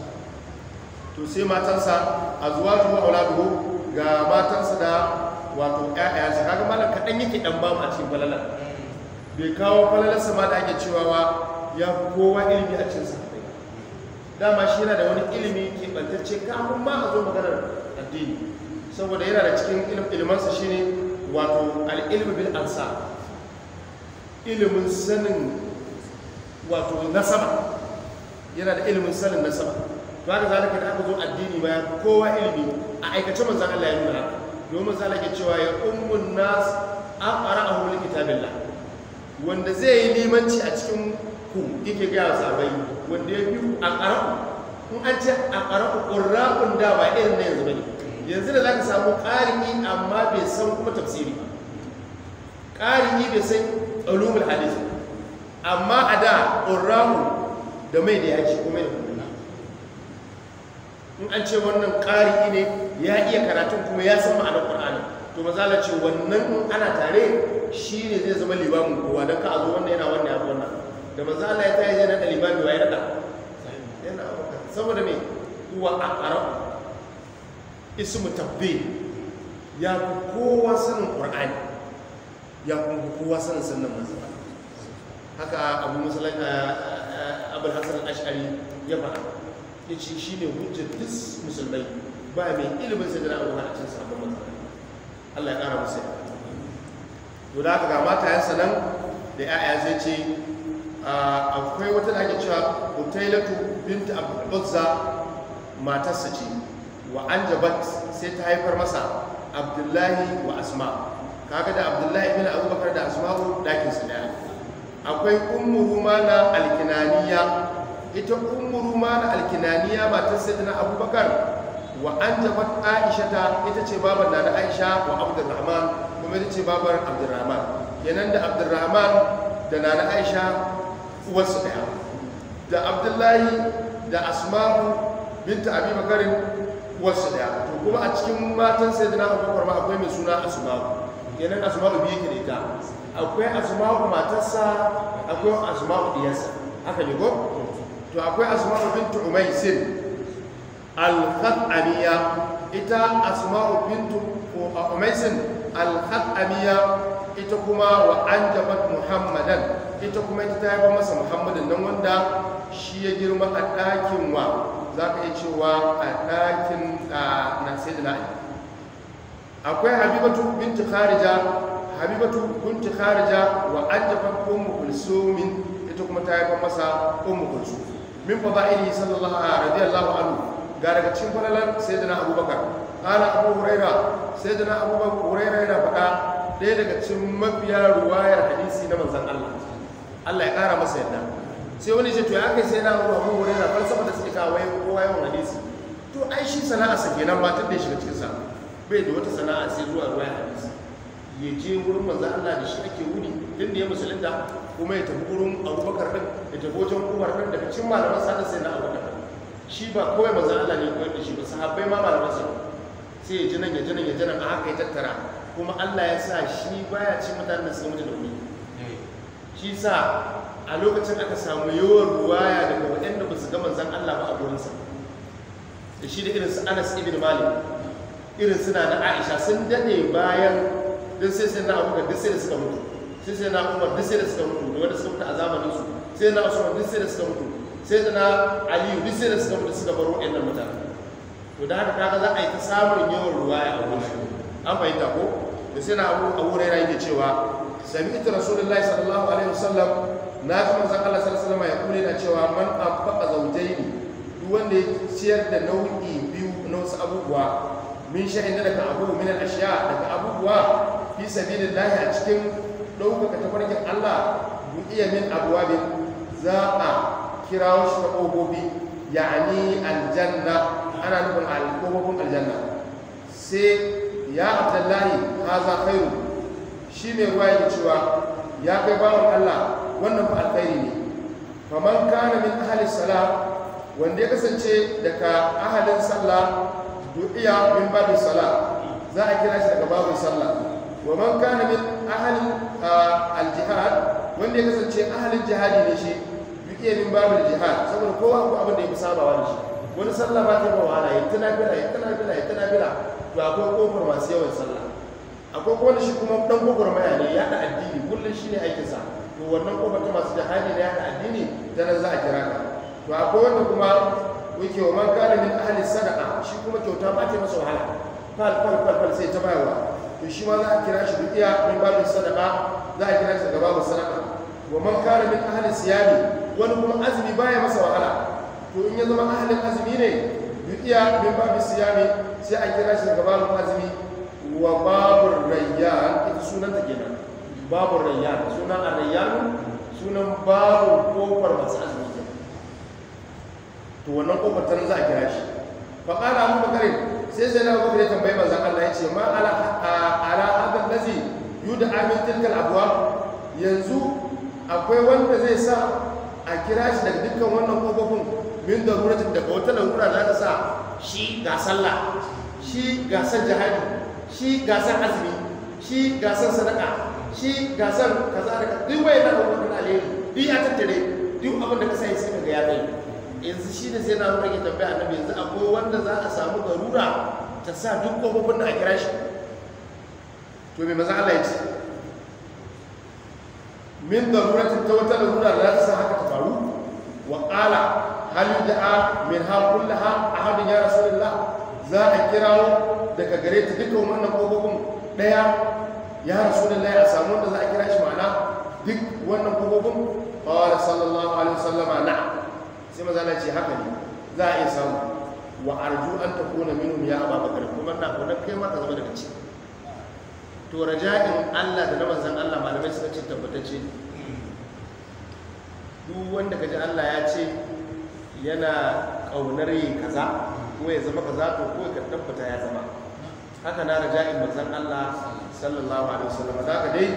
to sai matansa a zuwa azwaju wa auladuhu ga matansa da wato ƴaƴa su kaga malam kaɗan yake ɗan bamu a cikin falalar bai kawo falalarsa ma da ake cewa wa ya fi kowa ilimi a cikin sahabbai dama shi yana da wani ilimi keɓantacce kafin ma a zo maganar addini saboda yana da cikin ilimansa shine wato al'ilmi bil ansa ilimin sanin wato nasaba yana da ilimin sanin nasaba ba da zalaka da aka zo addini ba ya kowa ilimi a aikace manzan Allah ya nuna haka domin manzon ke cewa ya ummun nas a li kitabillah wanda zai yi limanci a cikin ku yake ga sabai wanda ya fi a aqra'u in an ce aqra'u qurra'un da ba irin na yanzu bane yanzu da ka samu qarini amma bai san kuma tafsiri qarini bai san ulumul hadith amma a da qurra'u da mai da yaki kuma yanzu in an ce wannan ƙari ne ya iya karatun kuma ya san ma'anar ƙur'ani to mazala ce wannan in ana tare shi ne zai zama limamin kowa don ka a zo wannan yana wannan ya wannan da mazala ya tayi yana da limami wa ya rada yana saboda me a aqrab ismu tabbi ya fi kowa sanin ƙur'ani ya fi kowa sanin sannan manzon haka abu a eh, eh, abul hasan ash'ari ya faɗa ya ce shi ne hujjar duk musulmai ba mai ilimin sai da abubuwa a cin sabon matsala Allah ya ƙara musu to da aka ga matayensa nan da ya'ya zai ce akwai wata da ake cewa utailatu binta abdul matarsa ce wa an anjabat sai ta haifar masa abdullahi wa asma' kaga da abdullahi bin abubakar da asma'u dakin su daya akwai ummu rumana alkinaniya ita ummu na alkinaniya matar sayyidina abubakar wa aisha aishata ita ce babar na da aisha wa abdurrahman kuma ita ce babar abdurrahman kenan da abdurrahman da na da aisha uwarsu daya da abdullahi da asma'u binta abi bakarin uwarsu daya to kuma a cikin matan sayyidina abubakar ma akwai mai suna asma'u kenan asma'u biyu ke da ita akwai asma'u matarsa akwai asma'u diyarsa haka ne ko to akwai asma'u bintu umais al-khatamiya ita asma'u bintu umais al-khatamiya ita kuma wa anjabat muhammadan ita kuma ita ta yaba masa muhammadan nan wanda shi ya girma a ɗakin wa za ka iya cewa a ɗakin na sayyidina akwai habibatu bintu kharija habibatu bintu kharija wa anjabat ummu kulsumin ita kuma ta yaba masa ummu kulsum min fada'ili sallallahu alaihi radiyallahu anhu ga daga cikin falalar sayyidina abubakar qala abu huraira sayyidina abubakar huraira yana faɗa ɗaya daga cikin mafiya ruwayar hadisi na manzon Allah Allah ya ƙara masa yadda sai wani ce to ya kai sai na abu huraira falsafa da suke kawo kowa yawan hadisi to ai shi sana'a sa kenan ba tun shiga cikin sa bai da wata sana'a sai zuwa ruwayar hadisi ya je wurin manzon Allah da shi ake wuni tun da ya musulunta kuma ya tafi gurin abubakar ɗin ya tafi wajen umar ɗin daga cikin malaman sa sai na abubakar shi ba kawai manzan Allah ne koyar da shi ba sahabbai ma malaman sa sai ya ji nan ya ji nan ya ji nan a haka ya tattara kuma Allah ya sa shi baya ci mutanen su mutu da wuri shi sa a lokacin aka samu yawan ruwaya daga waɗanda ba su ga manzan Allah ba a sa. da shi da irin su Anas ibn Malik irin suna da Aisha sun dade bayan don sai sai na Abu Bakar sai da suka mutu sai sai na umar duk sai da suka mutu da wanda suka mutu a zamanin su sai na usman duk sai da suka mutu sai da na aliyu duk sai da suka mutu suka baro wa'annan mutane to da haka kaga za a yi ta samun yawan ruwa a wurin shi an fahimta ko da sai na abu a wurin yana yake cewa sami'tu rasulullahi sallallahu alaihi wasallam na ji manzon Allah sallallahu alaihi wasallam ya kula da cewa man afaqa zawjaini duk wanda ya ciyar da nau'i biyu na wasu abubuwa min sha'in daga abu min al-ashiya daga abubuwa fi sabilillahi a cikin ɗaukaka tafarkin Allah mu iya min abuwabin za a kira shi ta ƙofofi ya'ani aljanna ana nufin alƙogobin aljanna sai ya abdullahi haza kairu shi mai ruwa yake cewa ya kai bawan Allah wannan fa alkhairi ne kamar kana min ahalin sala wanda ya kasance daga ahalin sallah du'iya min babin sallah za a kira shi daga babin sallah wa man kana min ahalin aljihad wanda ya kasance ahalin jihadi ne shi yuke min babul jihad saboda kowa ko abin da ya fi sabawa da shi wani sallah ba ta bawa ana yin tana bila yin tana bila yin tana bila to akwai kofar masu yawan sallah akwai wani shi kuma dan kofar maya ne ya da addini kullum shi ne aikinsa to wannan kofar ta masu jihadi ne ya da addini ta nan za a kira ka to akwai wanda kuma wake wa man kana min ahli sadaqa shi kuma kyauta ba ta masa wahala fal fal fal fal sai ta bayarwa to shi ma za a kira shi duk iya min babin sadaka? za a kira shi daga babin sadaqa wa man kana min ahli siyami wani kuma azumi baya masa wahala to in ya zama ahlin azumi ne duk iya min babin siyami sai a kira shi daga babin azumi wa babur rayyan ita sunan ta kenan babur rayyan sunan ar-rayyan sunan babu kofar masu azumi to wannan kofar ta za a kira shi فقال ابو بكر سيدنا ابو بكر تنبي ما ma الله يشي ما على على هذا الذي يدعى من تلك abuwa. Yanzu akwai wanda zai sa a kira shi daga dukkan wannan kofofin min da rurutun daga wata larura za ta sa shi ga la shi ga san jihadi shi ga san azumi shi ga san sadaka shi gasar kaza da kaza duk wayannan abubuwan da alheri duk ya tattare duk abin da ka sai sai ka ga ya yanzu shi ne sai na nuna ke tambaya annabi yanzu akwai wanda za a samu garura ta sa duk kofofin da a kira shi to me maza Allah ya ce min daruratin ta wata garura da za ta sa haka ta faru wa qala da a min ha a ahadun ya rasulullah za a kirawo daga gare ta dukkan wannan kofofin daya ya rasulullah ya samu wanda za a kira shi ma'ana duk wannan kofofin qala sallallahu alaihi wasallama na'am sai maza na ce haka ne za a iya samu wa arju an takuna minhum ya ababakar kuma na kuma kai ma ka zama daga ci. to raja'in Allah da namazan Allah malamai suka ce tabbatacce duk wanda kaji Allah ya ce yana kaunar yin kaza ko ya zama kaza to ko ka tabbata ya zama haka na raja'in mazan Allah sallallahu alaihi wasallam da ka dai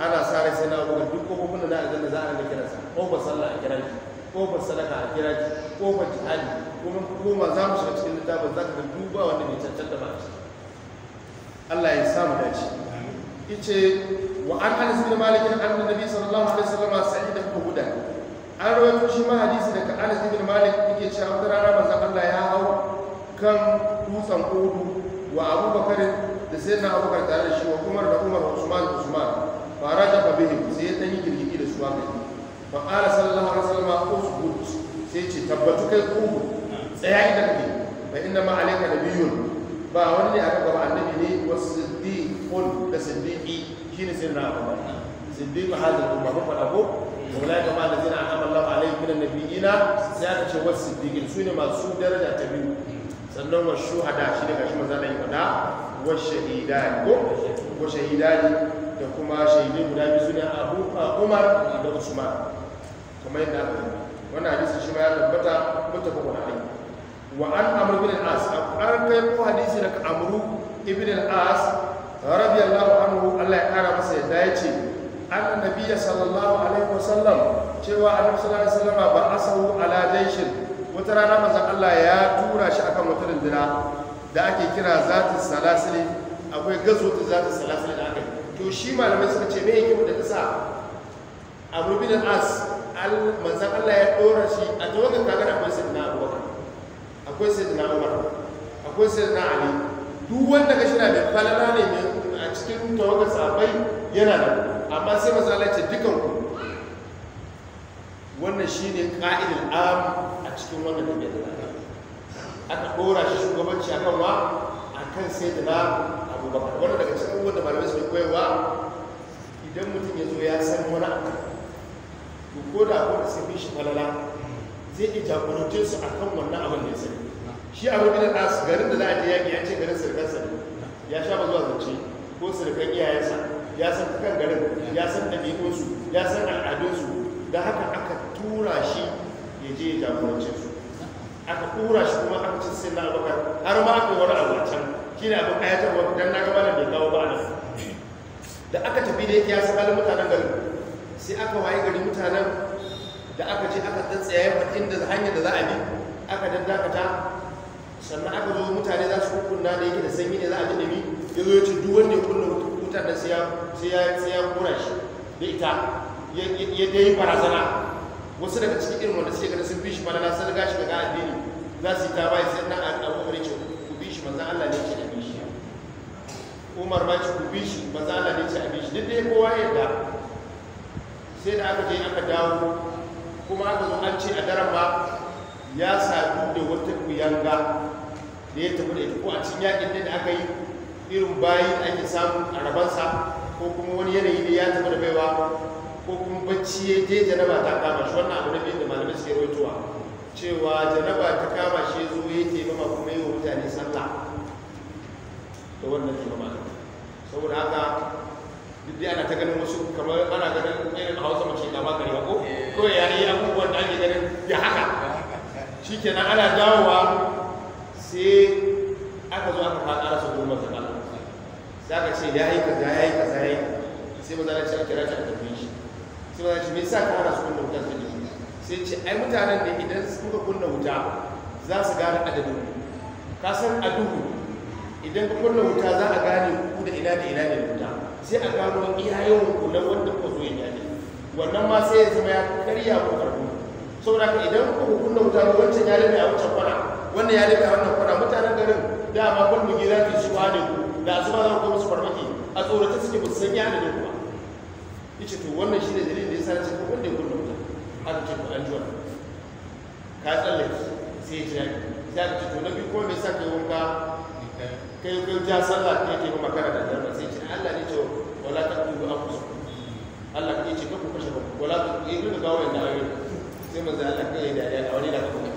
ana sa rai sai na duk kofofin da na aljanna za a rinka kiransa ko ba sallah a kiransa kofar sadaka a ko kofar jihadi kuma koma za mu shiga cikin littafi za ka duba wanda mai cancan da ba Allah ya samu dace ice wa an hadisi da malikin an annabi sallallahu alaihi wasallam da ku guda an rawaito shi ma hadisi daga anas ibn malik yake cewa wata rana zan Allah ya hau kan dutsen kudu wa abubakar da sayyidina abubakar tare da shi fa qala sallallahu alaihi wasallam usbut sai ce tabbatu kai umu tsaya inda kake fa inna ma alayka nabiyyun ba wani ne aka gaba annabi ne wasiddiqun da siddiqi shine sai na abu siddiqu hadha umma ko fada ko ulai kama allazina an'ama Allahu alaihim minan nabiyina sai aka ce su ne masu daraja ta biyu sannan wa shuhada shi daga shi maza nan yana wa shahidani ko wa da kuma shahidai guda biyu su ne Abu Umar da Usman kamar yadda aka yi wannan hadisi shi ma ya tabbata muttafaqun alayhi wa an amr ibn al-as an kai ko hadisi daga amru ibn al-as radiyallahu anhu Allah ya kara masa yadda ya ce An annabi sallallahu alaihi wasallam cewa annabi sallallahu alaihi wasallam ba asahu ala jaishin wata rana manzon Allah ya tura shi akan wata runduna da ake kira zatin salasili akwai gazo ta zatin salasili da aka yi to shi malamai suka ce me yake wanda ta sa amru ibn al-as manzan Allah ya dora shi a tawagar kaga da akwai sayyidina Abubakar akwai sayyidina Umar akwai sayyidina Ali duk wanda ka shira mai falala ne a cikin tawagar sahabbai yana da amma sai manzan Allah ya ce dukan ku wannan ne qa'idul am a cikin wannan tabi'a aka dora shi shugabanci kan wa akan sayyidina Abubakar wanda daga cikin wanda malamai suke koyarwa idan mutum ya zo ya san wani abu to ko da wanda sai fi shi falala zai iya jagorance su akan wannan abin da ya sani shi abu bin as garin da za a je yaƙi ya ce garin sirkansa ne ya sha ba zuwa zance ko sirkan iyayensa ya san kan garin ya san ɗabi'unsu ya san al'adunsu da haka aka tura shi ya je ya jagorance su aka tura shi kuma aka ce sai na abubakar har ma aka wani abu can shi ne abin ayatarwa don na gaba da bai kawo ba da aka tafi da yake ya san halin mutanen garin sai aka waye gari mutanen da aka ce aka tsatsaya inda hanyar da za a bi aka daddakata sannan aka zo mutane za su kunna da yake da sanyi ne za a ji ya zo ya duk wanda ya kunna wutar da sai ya kura shi da ita ya yi barazana wasu daga cikin irin wanda suke ganin sun bi shi malala sun gashi daga addini za su yi ta bayan sai nan al'ummar ce ku bi shi manzan Allah ne ce a bi shi umar ba shi ku bi shi manzan Allah ne ce a bi shi duk kowa ya kowa yadda sai da aka je aka dawo kuma aka zo an ce a daren ba ya sadu da wata kuyanga da ya tafi da ita ko a cikin yakin da aka yi irin bayi da ake samu a rabansa ko kuma wani yanayi da ya tafi da baiwa ko kuma bacci ya je janaba ta kama shi wannan abu da biyu da malamai suke rawaitowa cewa janaba ta kama shi ya zo ya taimama kuma yi wa mutane sallah da wannan taimama saboda haka dai ana ta ganin wasu kamar ana ganin irin a hausa mace kama gari ko kawai ya yi abubuwan da ake ganin ya haka shi kenan ana dawowa sai aka zo aka faɗa su goma ta ɗan sai aka ce ya yi kaza ya yi kaza ya yi sai ba za a ce a kira shi a tafi shi sai ba za ce me yasa ka hana su kunna wuta su ne sai ce ai mutanen da idan suka kunna wuta za su gane adadin ka san a duhu idan ka kunna wuta za a gane ku da ina da ina ne wuta sai a gano iya yawan kulan wanda ko zo ya gane wannan ma sai ya zama ya karya ko karbo saboda ka idan ko kunna wuta ba wancan ya labe a wancan kwana wannan ya labe a wannan kwana mutanen garin da ma ban mu gida ke shiwa ne da su ma za ku musu farmaki a tsorata suke ba su san ya ne kuma yace to wannan shine dalilin da yasa ce wanda ya kunna wuta Har ce ko an ji ka tsallake sai ya ji sai ka ce to na biyu ko me yasa kai wanka kai kai ja sallah kai ke kuma da jama'a sai ce Allah ne ce wala ta ba ku Allah ke ce ku kashe ku wala ta yi ga gawo da ayi sai manzo Allah kai da ya aure da kuma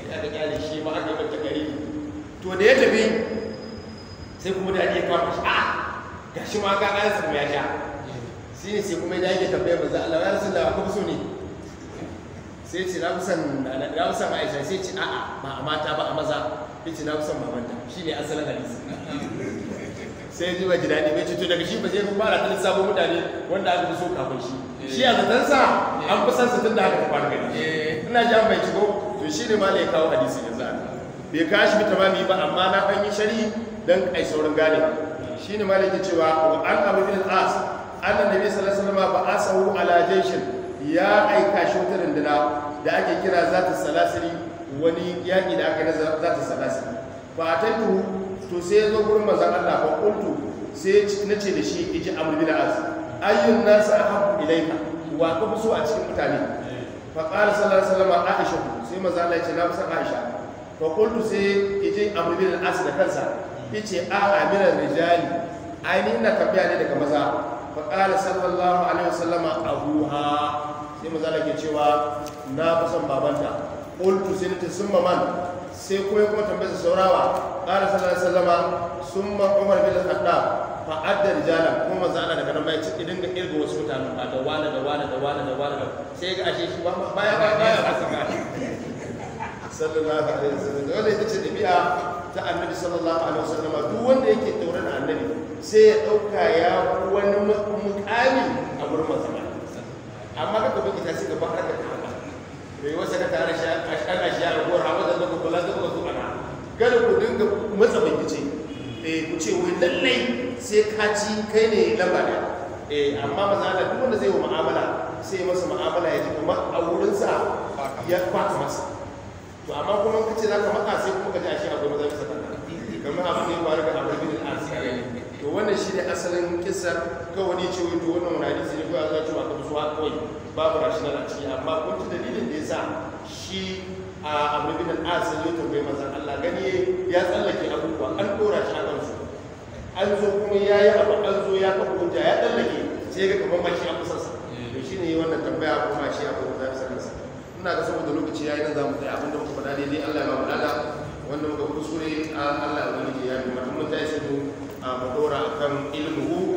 ya ga gane shi ma aka ta gari to da ya tafi sai kuma da ya kawo shi ah shi ma ga ayi sun ya sha shi ne sai kuma ya dage tambaye manzo Allah ya rasulullahi ku so ne sai ce na kusan na kusan Aisha sai ce a'a ba a mata ba a maza yace na kusan shi ne asalin hadisi sai ji ba ji daɗi bai cuto daga shi ba zai kuma fara tattalin sabon mutane wanda aka fi so kafin shi shi a zatansa an fi san tun da aka fi fara gani ina ji an bai ci ko to shi ne ma ya kawo hadisi yanzu a bai kawo shi tamami ba amma na an yi shari don ai saurin gane shi ne ma ke cewa wa an abu bin as annan nabi sallallahu alaihi ma ba asahu ala jeshin ya aika shi wutar runduna da ake kira zata salasiri wani yaƙi da aka yi za ta salasa ba a yi to sai ya zo gurin mazan Allah ba ƙuntu sai na ce da shi iji amurbi da az ayyun nasa a haku ilaika wa ka fi so a cikin mutane fa ƙara sallar salama aisha ku sai maza Allah ya ce na fi san aisha fa ƙuntu sai iji amurbi da az da kansa ya ce a da rijali ainihin na tafiya ne daga maza fa ƙara sallallahu alaihi wasallama a huha sai maza Allah ke cewa na fi son babanta qultu sai ta summa man sai ko ya kuma tambaye sa saurawa ƙara sallallahu alaihi wasallama summa umar bin al-khattab fa adda rijalan kuma manzo Allah daga nan bai ci idan ga irga wasu mutanen ba da wala da wala da wala da wala sai ga ashe shi ba baya ba baya ba saka sallallahu alaihi wasallam dole ita ce dabi'a ta annabi sallallahu alaihi wasallam duk wanda yake taure da annabi sai ya dauka ya wani mukami a gurbin sa amma ka tabbata sai ka ba harka da yi wasa ka tare shi ana shi yara gora wadda da ku bala da ku ana kada ku dinga matsa bincike eh ku ce wai lallai sai ka ci kai ne lamba da eh amma maza Allah duk wanda zai yi wa mu'amala sai masa mu'amala ya ji kuma a wurin sa ya kwata masa to amma kuma ka ce zaka matsa sai kuma ka ji a shi a akwai maza bisa kamar abu ne ya faru ga abu bin al-asiri to wannan shi ne asalin kisa kawai ne ce wai to wannan wani hadisi ne ko ya zuwa cewa ka bi suwa kawai babu rational a ciki amma kun ji dalilin da ya shi a abubuwan bin al'as ya tambaye maza Allah gani ya tsallake abubuwa an dora shi akan su an zo kuma ya yi abu an zo ya kafa hujja ya tsallake sai ga kamar mashi a a sa to shi ne wannan tambaya kuma shi a kusansa ya sa ina ga saboda lokaci yayi yi nan za mu tsaya abinda muka faɗa dai Allah ya ba mu lada wanda muka kusure Allah ya wani ya yi mutum ta yi sanu a madora akan ilmuhu